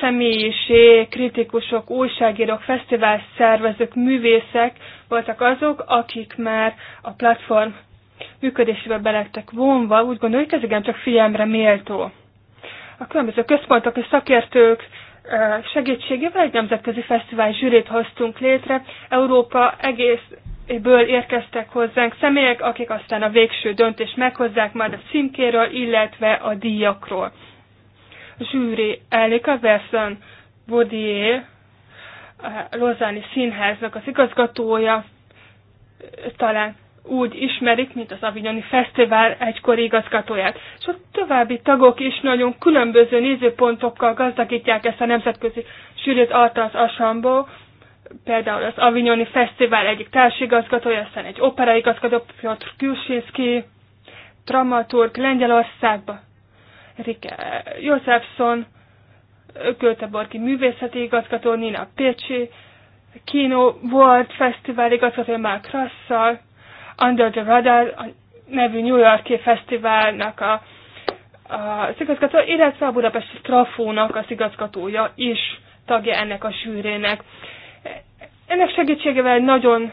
személyiség, kritikusok, újságírók, fesztivál szervezők, művészek voltak azok, akik már a platform működésébe belettek vonva, úgy gondoljuk, ez igen csak figyelemre méltó. A különböző központok és szakértők segítségével egy nemzetközi fesztivál zsűrét hoztunk létre. Európa egész ből érkeztek hozzánk személyek, akik aztán a végső döntést meghozzák majd a címkéről, illetve a díjakról. A zsűri Elika Verson Bodier, a Lozáni Színháznak az igazgatója, talán úgy ismerik, mint az Avignoni Fesztivál egykori igazgatóját. És a további tagok is nagyon különböző nézőpontokkal gazdagítják ezt a nemzetközi sűrűt Alta az például az Avignoni Fesztivál egyik társigazgatója, aztán egy operaigazgató, Piotr Kuszinski, dramaturg Lengyelországba, Rike Józsefson, Göteborgi művészeti igazgató Nina Pécsi, Kino World Fesztivál igazgatója Mark Russell, Under the Radar a nevű New Yorki fesztiválnak a, a, az igazgató, illetve a Budapesti Trafónak az igazgatója is tagja ennek a sűrének. Ennek segítségével nagyon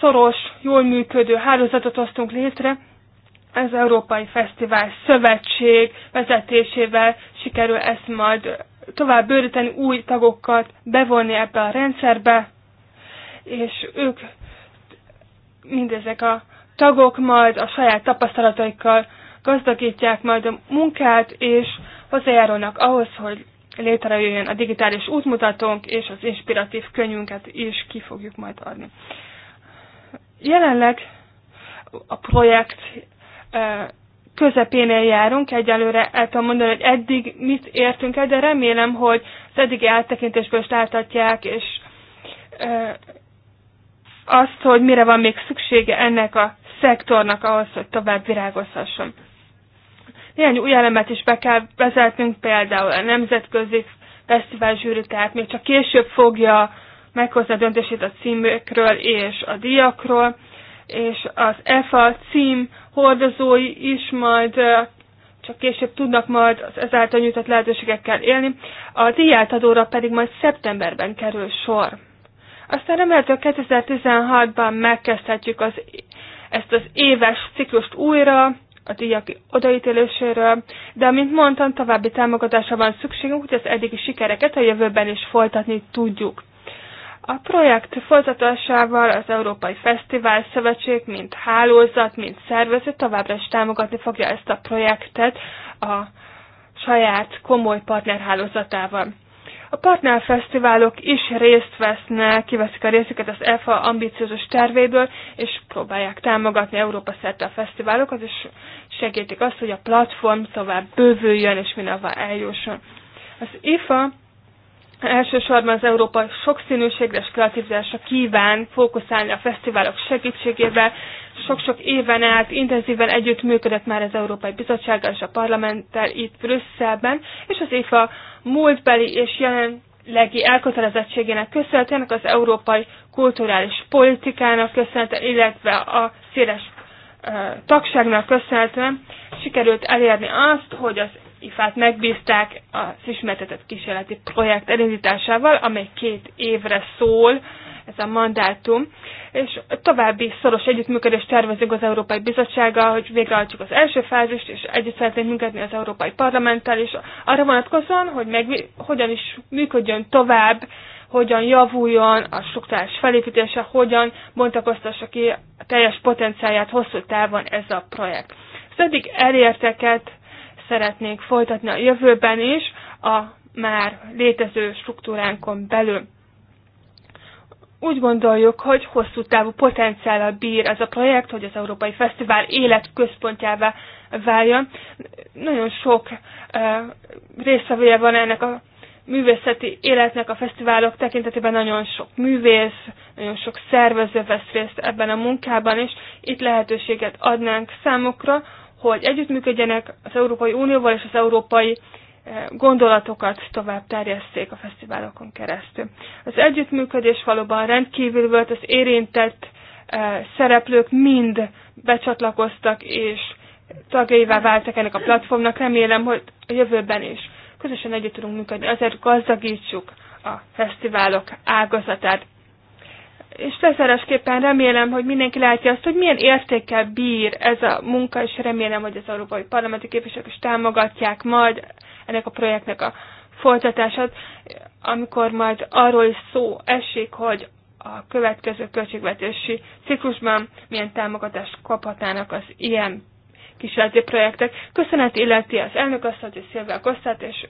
szoros, jól működő hálózatot hoztunk létre, az Európai Fesztivál Szövetség vezetésével sikerül ezt majd tovább bőríteni, új tagokat bevonni ebbe a rendszerbe, és ők, mindezek a tagok majd a saját tapasztalataikkal gazdagítják majd a munkát, és hozzájárulnak ahhoz, hogy létrejöjjön a digitális útmutatónk, és az inspiratív könyvünket is ki fogjuk majd adni. Jelenleg a projekt közepénél járunk, egyelőre el tudom mondani, hogy eddig mit értünk el, de remélem, hogy az eddigi áttekintésből is láthatják, és azt, hogy mire van még szüksége ennek a szektornak ahhoz, hogy tovább virágozhasson néhány új elemet is be kell vezetnünk, például a nemzetközi fesztivál zsűri, tehát még csak később fogja meghozni a döntését a címekről és a díjakról, és az EFA cím hordozói is majd csak később tudnak majd az ezáltal nyújtott lehetőségekkel élni, a díjátadóra pedig majd szeptemberben kerül sor. Aztán remélhetőleg 2016-ban megkezdhetjük az, ezt az éves ciklust újra, a díjak odaítéléséről, de amint mondtam, további támogatásra van szükségünk, hogy az eddigi sikereket a jövőben is folytatni tudjuk. A projekt folytatásával az Európai Fesztivál Szövetség, mint hálózat, mint szervező továbbra is támogatni fogja ezt a projektet a saját komoly partnerhálózatával. A partnerfesztiválok is részt vesznek, kiveszik a részüket az EFA ambiciózus tervéből, és próbálják támogatni Európa szerte a fesztiválokat, és segítik azt, hogy a platform tovább bővüljön, és mindenhova eljusson. Az IFA e Elsősorban az Európa sokszínűségre és kreativitásra kíván fókuszálni a fesztiválok segítségével. Sok-sok éven át intenzíven együttműködött már az Európai Bizottsággal és a Parlamenttel itt Brüsszelben, és az éva múltbeli és jelen legi elkötelezettségének köszönhetően, az európai kulturális politikának köszönhetően, illetve a széles uh, tagságnak köszönhetően sikerült elérni azt, hogy az IFÁT megbízták az ismertetett kísérleti projekt elindításával, amely két évre szól, ez a mandátum, és további szoros együttműködést tervezünk az Európai Bizottsággal, hogy végrehajtsuk az első fázist, és együtt szeretnénk működni az Európai Parlamenttel, és arra vonatkozóan, hogy meg hogyan is működjön tovább, hogyan javuljon a struktúrás felépítése, hogyan bontakoztassa ki a teljes potenciáját hosszú távon ez a projekt. Az eddig elérteket szeretnénk folytatni a jövőben is a már létező struktúránkon belül. Úgy gondoljuk, hogy hosszú távú potenciállal bír ez a projekt, hogy az Európai Fesztivál életközpontjává váljon. Nagyon sok uh, részevője van ennek a művészeti életnek a fesztiválok tekintetében nagyon sok művész, nagyon sok szervező vesz részt ebben a munkában, és itt lehetőséget adnánk számukra, hogy együttműködjenek az Európai Unióval és az európai eh, gondolatokat tovább terjesszék a fesztiválokon keresztül. Az együttműködés valóban rendkívül volt, az érintett eh, szereplők mind becsatlakoztak és tagjaivá váltak ennek a platformnak. Remélem, hogy a jövőben is közösen együtt tudunk működni, azért gazdagítsuk a fesztiválok ágazatát és lezárásképpen remélem, hogy mindenki látja azt, hogy milyen értékkel bír ez a munka, és remélem, hogy az Európai Parlamenti Képviselők is támogatják majd ennek a projektnek a folytatását, amikor majd arról is szó esik, hogy a következő költségvetési ciklusban milyen támogatást kaphatnának az ilyen kísérleti projektek. Köszönet illeti az elnök asszonyt és Szilvia Kosszát, és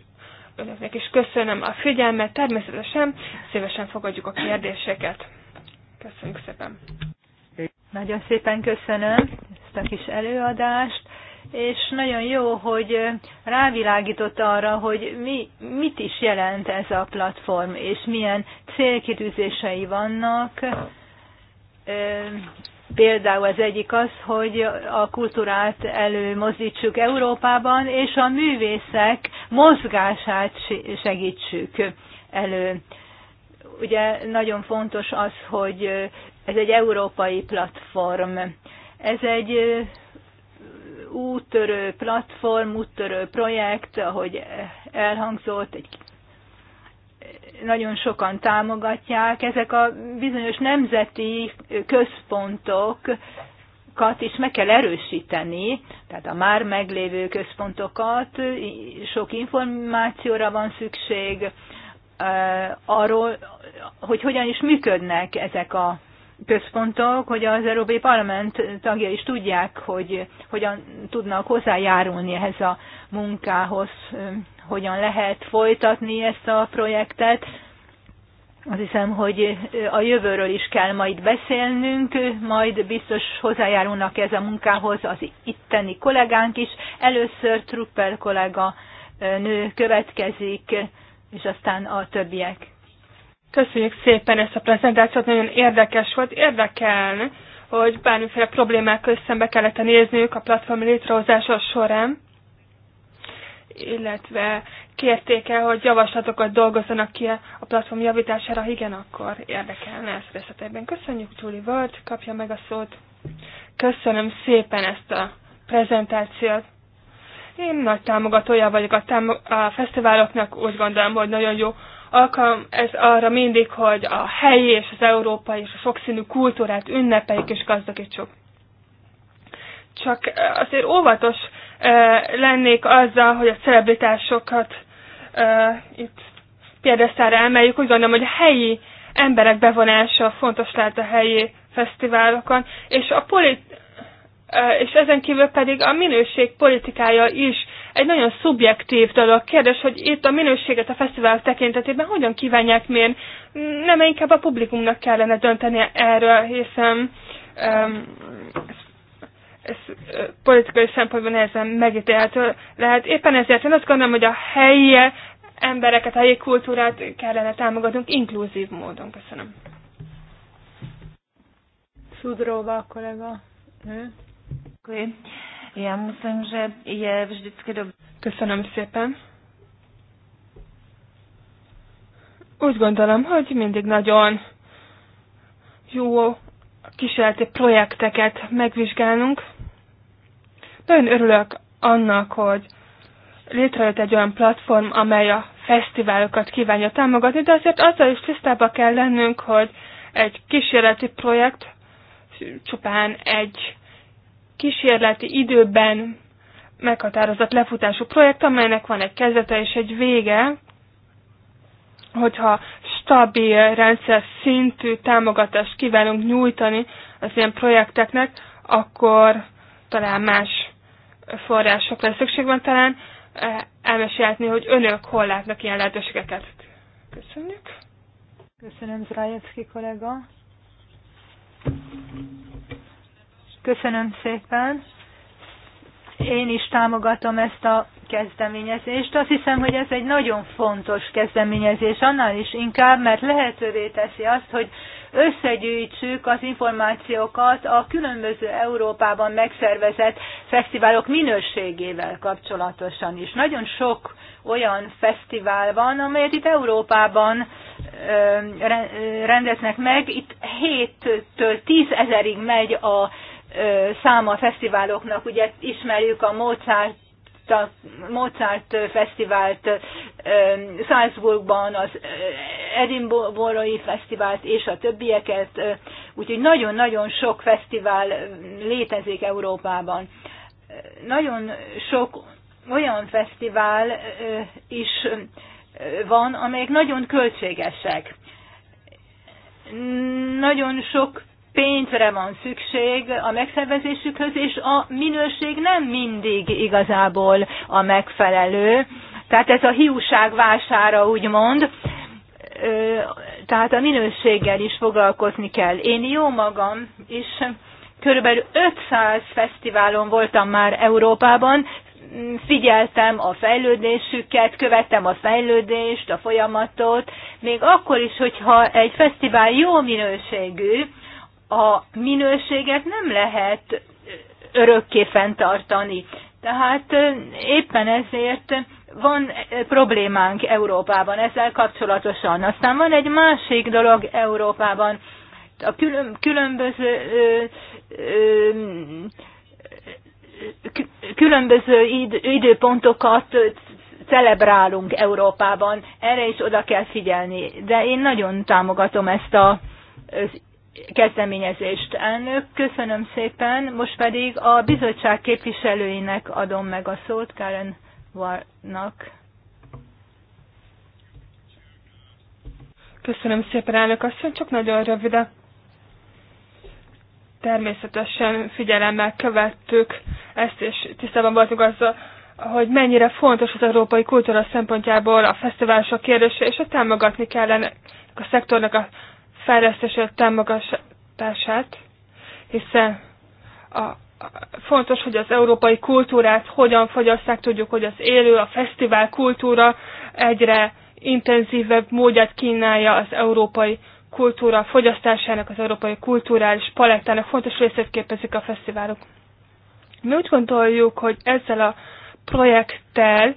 önöknek is köszönöm a figyelmet. Természetesen szívesen fogadjuk a kérdéseket. Köszönjük szépen. Nagyon szépen köszönöm ezt a kis előadást, és nagyon jó, hogy rávilágított arra, hogy mi, mit is jelent ez a platform, és milyen célkitűzései vannak. Például az egyik az, hogy a kultúrát előmozdítsuk Európában, és a művészek mozgását segítsük elő ugye nagyon fontos az, hogy ez egy európai platform. Ez egy úttörő platform, úttörő projekt, ahogy elhangzott, egy nagyon sokan támogatják. Ezek a bizonyos nemzeti központokat is meg kell erősíteni, tehát a már meglévő központokat, sok információra van szükség, arról, hogy hogyan is működnek ezek a központok, hogy az Európai Parlament tagja is tudják, hogy hogyan tudnak hozzájárulni ehhez a munkához, hogyan lehet folytatni ezt a projektet. Azt hiszem, hogy a jövőről is kell majd beszélnünk, majd biztos hozzájárulnak ez a munkához az itteni kollégánk is. Először Truppel kollega nő következik és aztán a többiek. Köszönjük szépen ezt a prezentációt, nagyon érdekes volt. Érdekelne, hogy bármiféle problémák szembe kellett nézniük a platform létrehozása során, illetve kérték el, hogy javaslatokat dolgozzanak ki a platform javítására, igen, akkor érdekelne ezt részletében. Köszönjük, Julie Word, kapja meg a szót. Köszönöm szépen ezt a prezentációt. Én nagy támogatója vagyok a, támog- a fesztiváloknak, úgy gondolom, hogy nagyon jó alkalom ez arra mindig, hogy a helyi és az európai és a sokszínű kultúrát ünnepeljük és gazdagítsuk. Csak azért óvatos lennék azzal, hogy a celebritásokat itt piedesztára emeljük. Úgy gondolom, hogy a helyi emberek bevonása fontos lehet a helyi fesztiválokon, és a politikai és ezen kívül pedig a minőség politikája is egy nagyon szubjektív dolog. Kérdés, hogy itt a minőséget a fesztivál tekintetében hogyan kívánják mérni? Nem inkább a publikumnak kellene döntenie erről, hiszen um, ez, ez politikai szempontból nehezen megítélhető lehet. Éppen ezért én azt gondolom, hogy a helyi embereket, a helyi kultúrát kellene támogatnunk inkluzív módon. Köszönöm. Szudróva kollega. Nő. Děkuji. Já myslím, že je vždycky dobré. Köszönöm szépen. Úgy gondolom, hogy mindig nagyon jó kísérleti projekteket megvizsgálnunk. Nagyon örülök annak, hogy létrejött egy olyan platform, amely a fesztiválokat kívánja támogatni, de azért azzal is tisztába kell lennünk, hogy egy kísérleti projekt csupán egy kísérleti időben meghatározott lefutású projekt, amelynek van egy kezdete és egy vége, hogyha stabil rendszer szintű támogatást kívánunk nyújtani az ilyen projekteknek, akkor talán más forrásokra szükség van, talán eh, elmesélhetni, hogy önök hol látnak ilyen lehetőségeket. Köszönjük. Köszönöm, Zrajewski kollega. Köszönöm szépen. Én is támogatom ezt a kezdeményezést. Azt hiszem, hogy ez egy nagyon fontos kezdeményezés, annál is inkább, mert lehetővé teszi azt, hogy összegyűjtsük az információkat a különböző Európában megszervezett fesztiválok minőségével kapcsolatosan is. Nagyon sok olyan fesztivál van, amelyet itt Európában rendeznek meg. Itt 7-től 10 ezerig megy a száma a fesztiváloknak, ugye ismerjük a Mozart a Mozart fesztivált Salzburgban, az Edinburghi fesztivált és a többieket, úgyhogy nagyon-nagyon sok fesztivál létezik Európában. Nagyon sok olyan fesztivál is van, amelyek nagyon költségesek. Nagyon sok pénzre van szükség a megszervezésükhöz, és a minőség nem mindig igazából a megfelelő. Tehát ez a hiúság vására úgymond, tehát a minőséggel is foglalkozni kell. Én jó magam is körülbelül 500 fesztiválon voltam már Európában, figyeltem a fejlődésüket, követtem a fejlődést, a folyamatot, még akkor is, hogyha egy fesztivál jó minőségű, a minőséget nem lehet örökké fenntartani. Tehát éppen ezért van problémánk Európában ezzel kapcsolatosan. Aztán van egy másik dolog Európában, a külön, különböző ö, ö, különböző id, időpontokat celebrálunk Európában, erre is oda kell figyelni. De én nagyon támogatom ezt a, az kezdeményezést. Elnök, köszönöm szépen. Most pedig a bizottság képviselőinek adom meg a szót, Karen Varnak. Köszönöm szépen, elnök asszony, csak nagyon röviden. Természetesen figyelemmel követtük ezt, és tisztában voltunk azzal, hogy mennyire fontos az európai kultúra szempontjából a fesztiválsok kérdése, és a támogatni kellene a szektornak a fejlesztésének támogatását, hiszen a, a, fontos, hogy az európai kultúrát hogyan fogyasszák, tudjuk, hogy az élő, a fesztivál kultúra egyre intenzívebb módját kínálja az európai kultúra fogyasztásának, az európai kulturális palettának fontos részét képezik a fesztiválok. Mi úgy gondoljuk, hogy ezzel a projekttel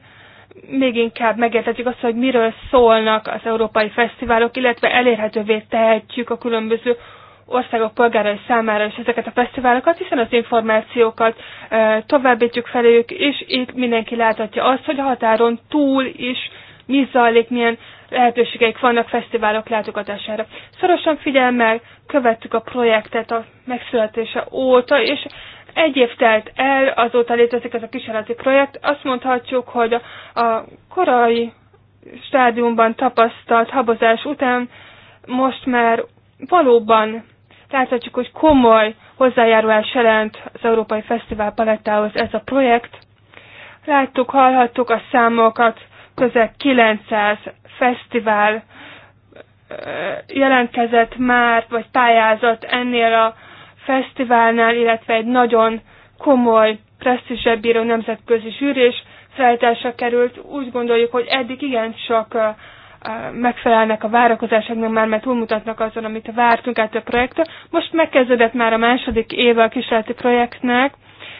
még inkább megértetjük azt, hogy miről szólnak az európai fesztiválok, illetve elérhetővé tehetjük a különböző országok polgárai számára is ezeket a fesztiválokat, hiszen az információkat e, továbbítjuk feléjük, és itt mindenki láthatja azt, hogy a határon túl is mi zajlik, milyen lehetőségeik vannak fesztiválok látogatására. Szorosan figyelmel követtük a projektet a megszületése óta, és egy év telt el, azóta létezik ez a kísérleti projekt. Azt mondhatjuk, hogy a korai stádiumban tapasztalt habozás után most már valóban láthatjuk, hogy komoly hozzájárulás jelent az Európai Fesztivál palettához ez a projekt. Láttuk, hallhattuk a számokat, közel 900 fesztivál jelentkezett már, vagy pályázott ennél a fesztiválnál, illetve egy nagyon komoly bíró nemzetközi zsűrés felállításra került. Úgy gondoljuk, hogy eddig igen sok megfelelnek a várakozásoknak, már mert túlmutatnak azon, amit vártunk át a projektől. Most megkezdődött már a második éve a kísérleti projektnek.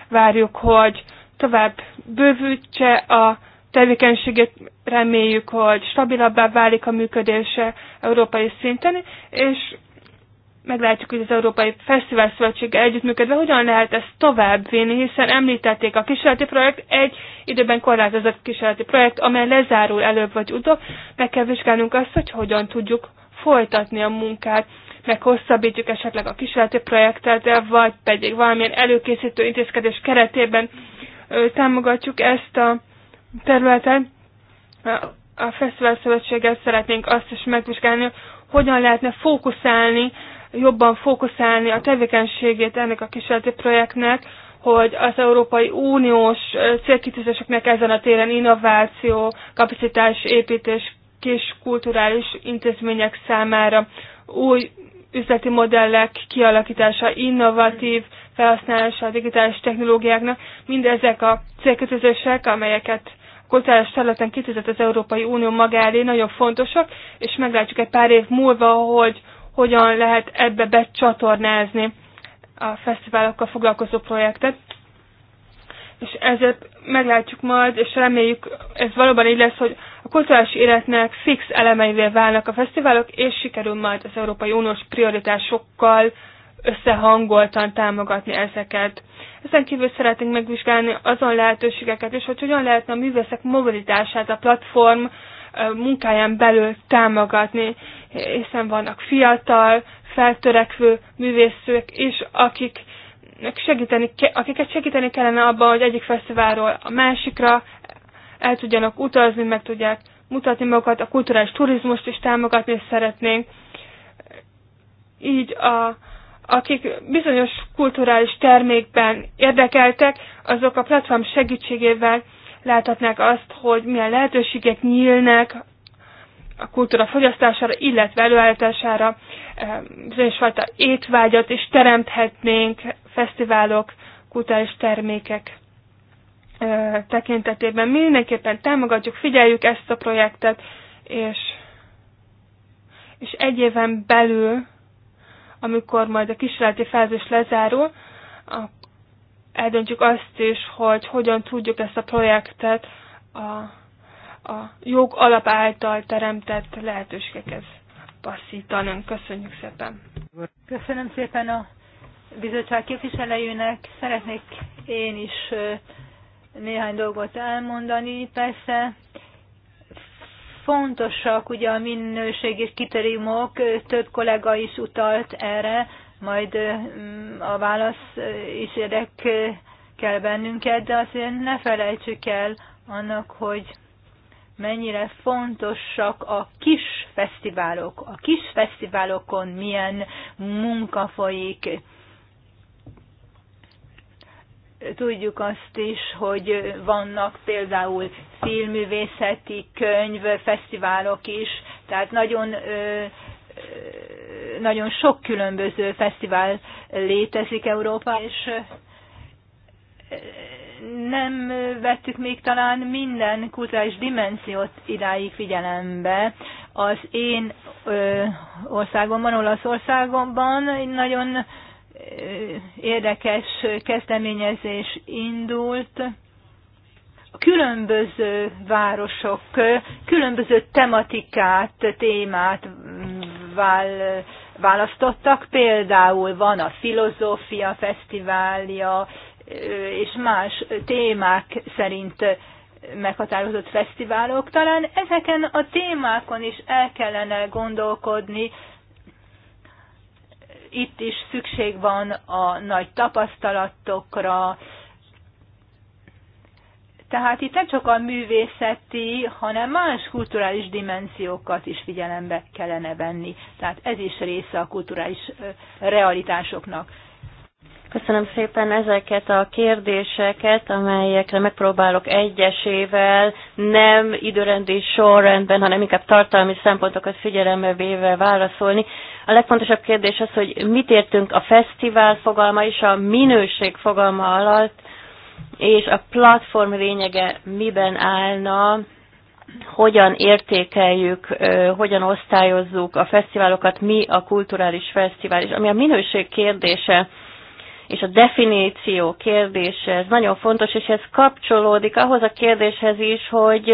Várjuk, hogy tovább bővítse a tevékenységet. reméljük, hogy stabilabbá válik a működése európai szinten, és meglátjuk, hogy az Európai Fesztivál Szövetsége együttműködve hogyan lehet ezt vinni, hiszen említették a kísérleti projekt, egy időben korlátozott kísérleti projekt, amely lezárul előbb vagy utóbb, meg kell vizsgálnunk azt, hogy hogyan tudjuk folytatni a munkát, meg hosszabbítjuk esetleg a kísérleti projektet, vagy pedig valamilyen előkészítő intézkedés keretében támogatjuk ezt a területet. A Fesztivál Szövetséggel szeretnénk azt is megvizsgálni, hogyan lehetne fókuszálni jobban fókuszálni a tevékenységét ennek a kísérleti projektnek, hogy az Európai Uniós célkitűzéseknek ezen a téren innováció, kapacitás építés, kis kulturális intézmények számára új üzleti modellek kialakítása, innovatív felhasználása a digitális technológiáknak, mindezek a célkötözések, amelyeket kulturális területen kitűzött az Európai Unió magáé, nagyon fontosak, és meglátjuk egy pár év múlva, hogy hogyan lehet ebbe becsatornázni a fesztiválokkal foglalkozó projektet. És ezért meglátjuk majd, és reméljük, ez valóban így lesz, hogy a kulturális életnek fix elemeivé válnak a fesztiválok, és sikerül majd az Európai Uniós prioritásokkal összehangoltan támogatni ezeket. Ezen kívül szeretnénk megvizsgálni azon lehetőségeket is, hogy hogyan lehetne a művészek mobilitását a platform munkáján belül támogatni, hiszen vannak fiatal, feltörekvő művészők is, akik segíteni, akiket segíteni kellene abban, hogy egyik fesztiválról a másikra el tudjanak utazni, meg tudják mutatni magukat, a kulturális turizmust is támogatni szeretnénk. Így a, akik bizonyos kulturális termékben érdekeltek, azok a platform segítségével láthatnák azt, hogy milyen lehetőségek nyílnak a kultúra fogyasztására, illetve előállítására, ehm, bizonyos fajta étvágyat is teremthetnénk fesztiválok, kultúrás termékek tekintetében. Mindenképpen támogatjuk, figyeljük ezt a projektet, és, és egy éven belül, amikor majd a kísérleti fázis lezárul, eldöntjük azt is, hogy hogyan tudjuk ezt a projektet a, a jog alap által teremtett lehetőségekhez passzítanunk. Köszönjük szépen! Köszönöm szépen a bizottság képviselőjének. Szeretnék én is néhány dolgot elmondani. Persze fontosak ugye a és kiterimok, több kollega is utalt erre, majd mm, a válasz is érdekel bennünket, de azért ne felejtsük el annak, hogy mennyire fontosak a kis fesztiválok. A kis fesztiválokon milyen munka folyik. Tudjuk azt is, hogy vannak például filmművészeti fesztiválok is, tehát nagyon ö, nagyon sok különböző fesztivál létezik Európa és nem vettük még talán minden kulturális dimenziót idáig figyelembe. Az én országomban, Olaszországomban egy nagyon érdekes kezdeményezés indult. A különböző városok különböző tematikát, témát mm, vál választottak. Például van a filozófia fesztiválja és más témák szerint meghatározott fesztiválok. Talán ezeken a témákon is el kellene gondolkodni, itt is szükség van a nagy tapasztalatokra, tehát itt nem csak a művészeti, hanem más kulturális dimenziókat is figyelembe kellene venni. Tehát ez is része a kulturális realitásoknak. Köszönöm szépen ezeket a kérdéseket, amelyekre megpróbálok egyesével, nem időrendi sorrendben, hanem inkább tartalmi szempontokat figyelembe véve válaszolni. A legfontosabb kérdés az, hogy mit értünk a fesztivál fogalma és a minőség fogalma alatt, és a platform lényege miben állna, hogyan értékeljük, hogyan osztályozzuk a fesztiválokat, mi a kulturális fesztivál, és ami a minőség kérdése, és a definíció kérdése, ez nagyon fontos, és ez kapcsolódik ahhoz a kérdéshez is, hogy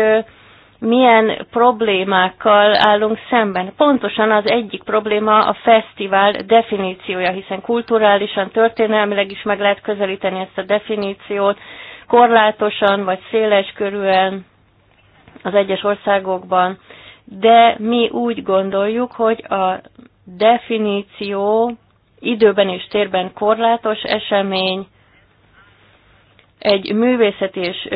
milyen problémákkal állunk szemben. Pontosan az egyik probléma a fesztivál definíciója, hiszen kulturálisan, történelmileg is meg lehet közelíteni ezt a definíciót, korlátosan vagy széles körülön az egyes országokban, de mi úgy gondoljuk, hogy a definíció időben és térben korlátos esemény, egy művészet és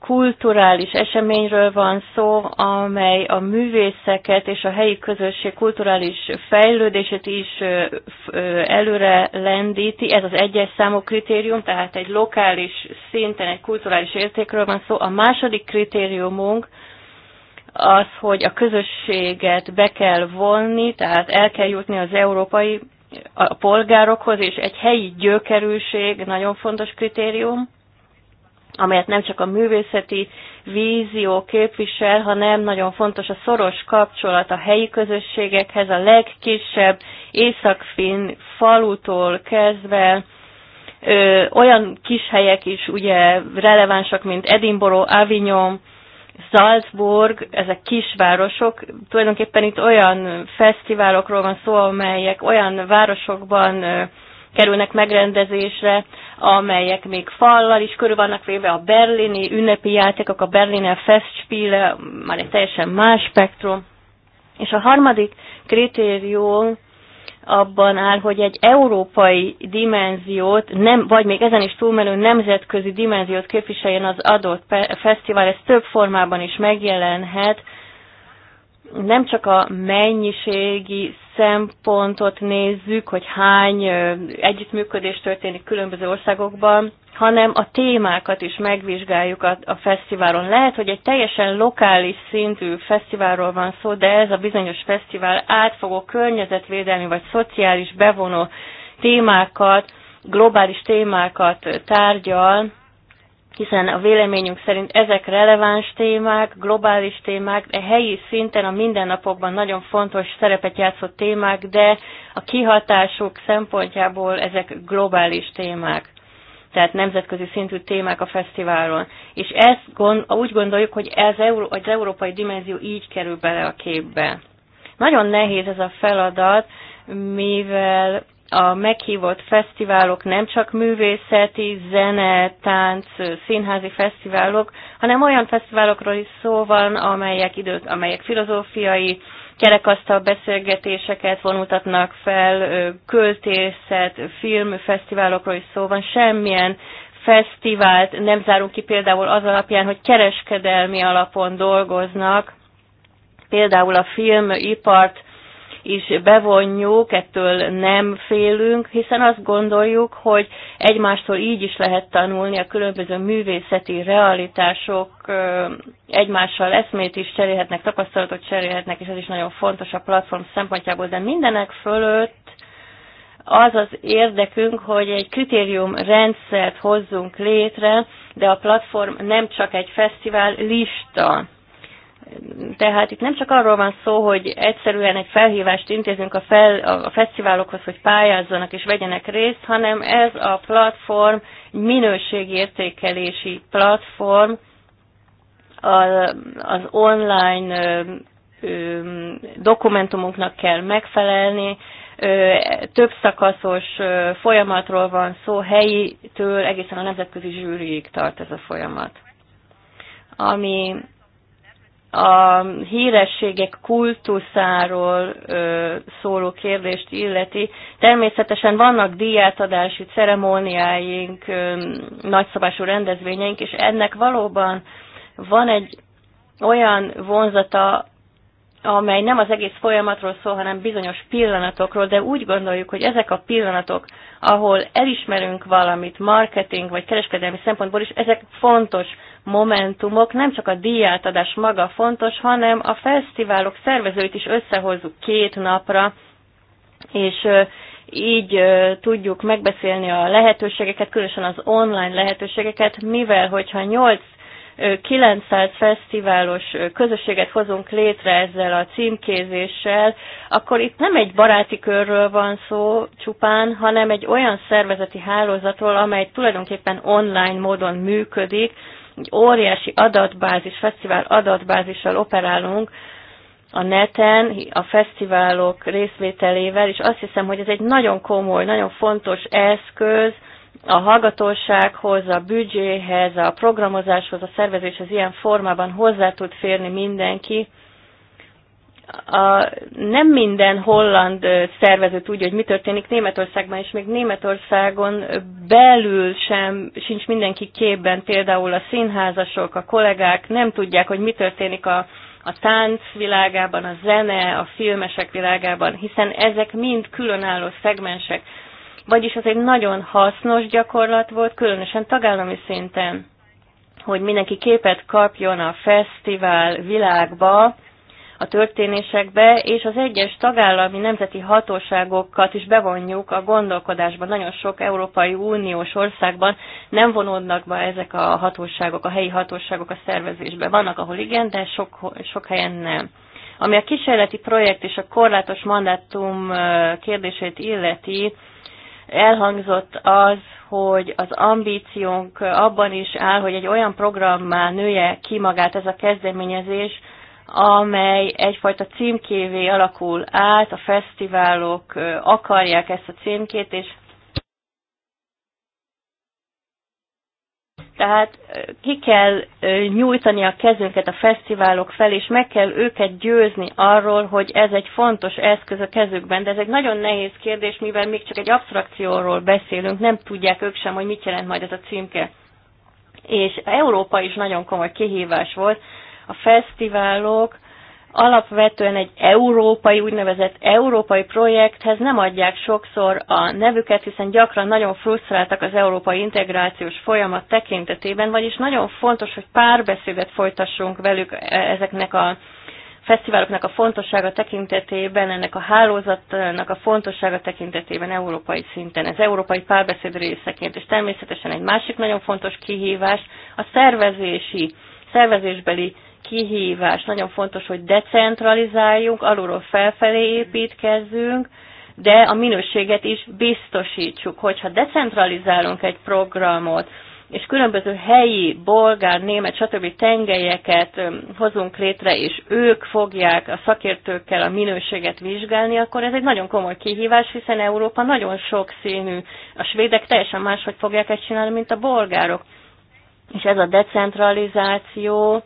kulturális eseményről van szó, amely a művészeket és a helyi közösség kulturális fejlődését is előre lendíti. Ez az egyes számú kritérium, tehát egy lokális szinten egy kulturális értékről van szó. A második kritériumunk az, hogy a közösséget be kell vonni, tehát el kell jutni az európai a polgárokhoz, és egy helyi gyökerűség nagyon fontos kritérium amelyet nem csak a művészeti vízió képvisel, hanem nagyon fontos a szoros kapcsolat a helyi közösségekhez, a legkisebb északfin falutól kezdve, ö, olyan kis helyek is ugye relevánsak, mint Edinburgh, Avignon, Salzburg, ezek kisvárosok, tulajdonképpen itt olyan fesztiválokról van szó, amelyek olyan városokban ö, kerülnek megrendezésre, amelyek még fallal is körül vannak véve a berlini ünnepi játékok, a Berliner Festspiele, már egy teljesen más spektrum. És a harmadik kritérium abban áll, hogy egy európai dimenziót, nem, vagy még ezen is túlmenő nemzetközi dimenziót képviseljen az adott fesztivál, ez több formában is megjelenhet, nem csak a mennyiségi szempontot nézzük, hogy hány együttműködés történik különböző országokban, hanem a témákat is megvizsgáljuk a, a fesztiválon. Lehet, hogy egy teljesen lokális szintű fesztiválról van szó, de ez a bizonyos fesztivál átfogó környezetvédelmi vagy szociális bevonó témákat, globális témákat tárgyal, hiszen a véleményünk szerint ezek releváns témák, globális témák, a helyi szinten a mindennapokban nagyon fontos szerepet játszott témák, de a kihatásuk szempontjából ezek globális témák tehát nemzetközi szintű témák a fesztiválon. És ezt gond, úgy gondoljuk, hogy ez Euró, az európai dimenzió így kerül bele a képbe. Nagyon nehéz ez a feladat, mivel a meghívott fesztiválok nem csak művészeti, zene, tánc, színházi fesztiválok, hanem olyan fesztiválokról is szó van, amelyek, időt, amelyek filozófiai, kerekasztal beszélgetéseket vonultatnak fel, költészet, filmfesztiválokról is szó van, semmilyen fesztivált nem zárunk ki például az alapján, hogy kereskedelmi alapon dolgoznak, például a filmipart is bevonjuk, ettől nem félünk, hiszen azt gondoljuk, hogy egymástól így is lehet tanulni a különböző művészeti realitások, egymással eszmét is cserélhetnek, tapasztalatot cserélhetnek, és ez is nagyon fontos a platform szempontjából, de mindenek fölött az az érdekünk, hogy egy kritérium rendszert hozzunk létre, de a platform nem csak egy fesztivál lista. Tehát itt nem csak arról van szó, hogy egyszerűen egy felhívást intézünk a, fel, a fesztiválokhoz, hogy pályázzanak és vegyenek részt, hanem ez a platform minőségi értékelési platform az online dokumentumunknak kell megfelelni, több szakaszos folyamatról van szó, helyitől egészen a nemzetközi zsűriig tart ez a folyamat. Ami a hírességek kultuszáról ö, szóló kérdést illeti. Természetesen vannak díjátadási ceremóniáink, ö, nagyszabású rendezvényeink, és ennek valóban van egy olyan vonzata, amely nem az egész folyamatról szól, hanem bizonyos pillanatokról, de úgy gondoljuk, hogy ezek a pillanatok, ahol elismerünk valamit marketing vagy kereskedelmi szempontból is, ezek fontos momentumok, nem csak a díjátadás maga fontos, hanem a fesztiválok szervezőit is összehozzuk két napra, és így tudjuk megbeszélni a lehetőségeket, különösen az online lehetőségeket, mivel hogyha 8 900 fesztiválos közösséget hozunk létre ezzel a címkézéssel, akkor itt nem egy baráti körről van szó csupán, hanem egy olyan szervezeti hálózatról, amely tulajdonképpen online módon működik, egy óriási adatbázis, fesztivál adatbázissal operálunk a neten, a fesztiválok részvételével, és azt hiszem, hogy ez egy nagyon komoly, nagyon fontos eszköz, a hallgatósághoz, a büdzséhez, a programozáshoz, a szervezéshez ilyen formában hozzá tud férni mindenki, a, nem minden holland szervező tudja, hogy mi történik Németországban, és még Németországon belül sem sincs mindenki képben, például a színházasok, a kollégák nem tudják, hogy mi történik a, a tánc világában, a zene, a filmesek világában, hiszen ezek mind különálló szegmensek. Vagyis az egy nagyon hasznos gyakorlat volt, különösen tagállami szinten, hogy mindenki képet kapjon a fesztivál világba, a történésekbe, és az egyes tagállami nemzeti hatóságokat is bevonjuk a gondolkodásban. Nagyon sok Európai Uniós országban nem vonódnak be ezek a hatóságok, a helyi hatóságok a szervezésbe. Vannak, ahol igen, de sok, sok helyen nem. Ami a kísérleti projekt és a korlátos mandátum kérdését illeti, elhangzott az, hogy az ambíciónk abban is áll, hogy egy olyan programmá nője ki magát ez a kezdeményezés, amely egyfajta címkévé alakul át, a fesztiválok akarják ezt a címkét, és Tehát ki kell nyújtani a kezünket a fesztiválok fel, és meg kell őket győzni arról, hogy ez egy fontos eszköz a kezükben. De ez egy nagyon nehéz kérdés, mivel még csak egy abstrakcióról beszélünk, nem tudják ők sem, hogy mit jelent majd ez a címke. És Európa is nagyon komoly kihívás volt, a fesztiválok alapvetően egy európai, úgynevezett európai projekthez nem adják sokszor a nevüket, hiszen gyakran nagyon frusztráltak az európai integrációs folyamat tekintetében, vagyis nagyon fontos, hogy párbeszédet folytassunk velük e- ezeknek a fesztiváloknak a fontossága tekintetében, ennek a hálózatnak a fontossága tekintetében európai szinten, az európai párbeszéd részeként, és természetesen egy másik nagyon fontos kihívás a szervezési, szervezésbeli kihívás. Nagyon fontos, hogy decentralizáljunk, alulról felfelé építkezzünk, de a minőséget is biztosítsuk. Hogyha decentralizálunk egy programot, és különböző helyi, bolgár, német, stb. tengelyeket hozunk létre, és ők fogják a szakértőkkel a minőséget vizsgálni, akkor ez egy nagyon komoly kihívás, hiszen Európa nagyon sokszínű. A svédek teljesen máshogy fogják ezt csinálni, mint a bolgárok. És ez a decentralizáció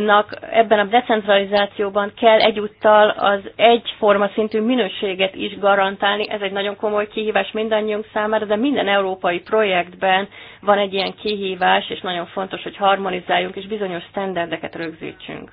nak ebben a decentralizációban kell egyúttal az egyforma szintű minőséget is garantálni. Ez egy nagyon komoly kihívás mindannyiunk számára, de minden európai projektben van egy ilyen kihívás, és nagyon fontos, hogy harmonizáljunk és bizonyos standardeket rögzítsünk.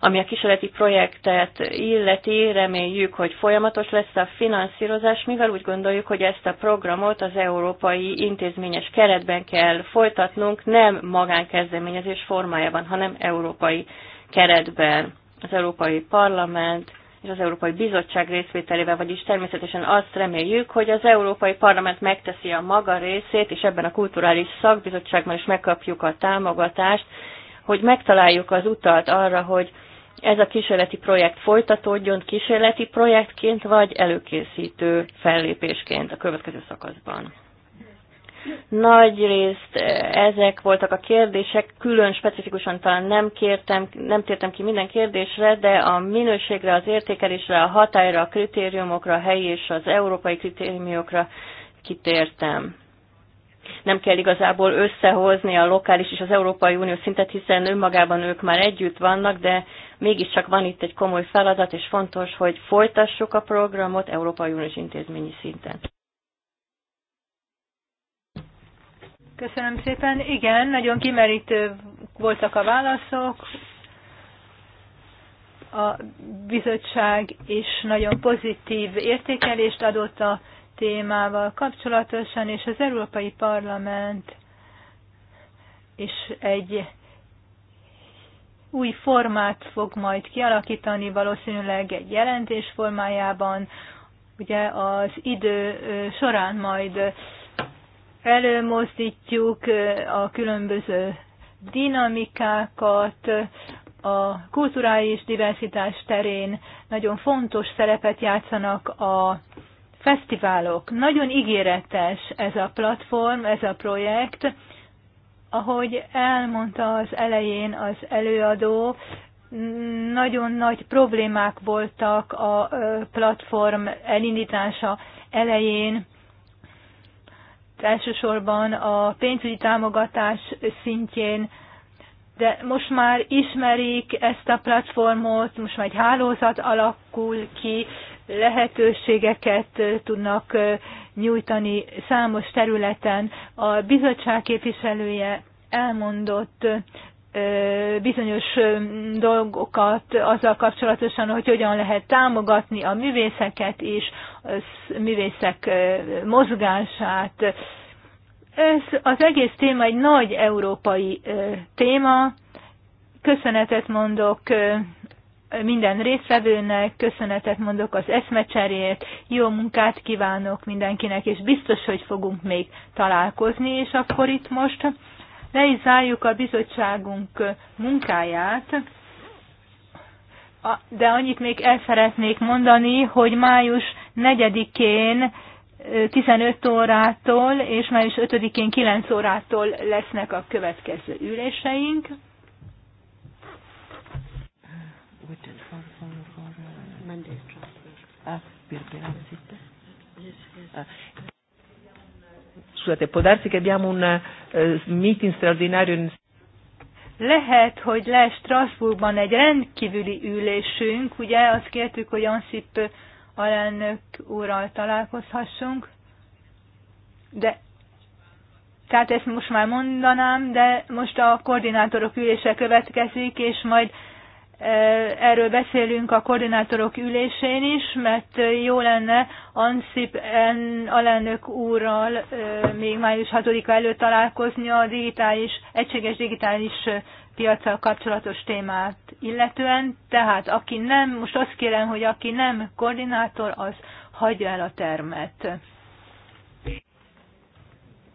Ami a kísérleti projektet illeti, reméljük, hogy folyamatos lesz a finanszírozás, mivel úgy gondoljuk, hogy ezt a programot az európai intézményes keretben kell folytatnunk, nem magánkezdeményezés formájában, hanem európai keretben. Az Európai Parlament és az Európai Bizottság részvételével, vagyis természetesen azt reméljük, hogy az Európai Parlament megteszi a maga részét, és ebben a kulturális szakbizottságban is megkapjuk a támogatást, hogy megtaláljuk az utat arra, hogy ez a kísérleti projekt folytatódjon kísérleti projektként, vagy előkészítő fellépésként a következő szakaszban. Nagy részt eh, ezek voltak a kérdések, külön specifikusan talán nem, kértem, nem tértem ki minden kérdésre, de a minőségre, az értékelésre, a hatályra, a kritériumokra, a helyi és az európai kritériumokra kitértem nem kell igazából összehozni a lokális és az Európai Unió szintet, hiszen önmagában ők már együtt vannak, de mégiscsak van itt egy komoly feladat, és fontos, hogy folytassuk a programot Európai Uniós intézményi szinten. Köszönöm szépen. Igen, nagyon kimerítő voltak a válaszok. A bizottság is nagyon pozitív értékelést adott a témával kapcsolatosan, és az Európai Parlament is egy új formát fog majd kialakítani, valószínűleg egy jelentés formájában, ugye az idő során majd előmozdítjuk a különböző dinamikákat, a kulturális diversitás terén nagyon fontos szerepet játszanak a fesztiválok. Nagyon ígéretes ez a platform, ez a projekt. Ahogy elmondta az elején az előadó, nagyon nagy problémák voltak a platform elindítása elején. Elsősorban a pénzügyi támogatás szintjén, de most már ismerik ezt a platformot, most már egy hálózat alakul ki, lehetőségeket tudnak nyújtani számos területen. A bizottság képviselője elmondott bizonyos dolgokat azzal kapcsolatosan, hogy hogyan lehet támogatni a művészeket és a művészek mozgását. Ez az egész téma egy nagy európai téma. Köszönetet mondok minden résztvevőnek, köszönetet mondok az eszmecseréért, jó munkát kívánok mindenkinek, és biztos, hogy fogunk még találkozni, és akkor itt most le is zárjuk a bizottságunk munkáját, de annyit még el szeretnék mondani, hogy május 4-én 15 órától és május 5-én 9 órától lesznek a következő üléseink. Ah. Scusate, può darsi che abbiamo un eh, meeting straordinario. Lehet, hogy lesz Strasbourgban egy rendkívüli ülésünk, ugye azt kértük, hogy Ansip alelnök úrral találkozhassunk, de tehát ezt most már mondanám, de most a koordinátorok ülése következik, és majd Erről beszélünk a koordinátorok ülésén is, mert jó lenne en alelnök úrral még május 6-a előtt találkozni a digitális, egységes digitális piacsal kapcsolatos témát illetően. Tehát aki nem, most azt kérem, hogy aki nem koordinátor, az hagyja el a termet.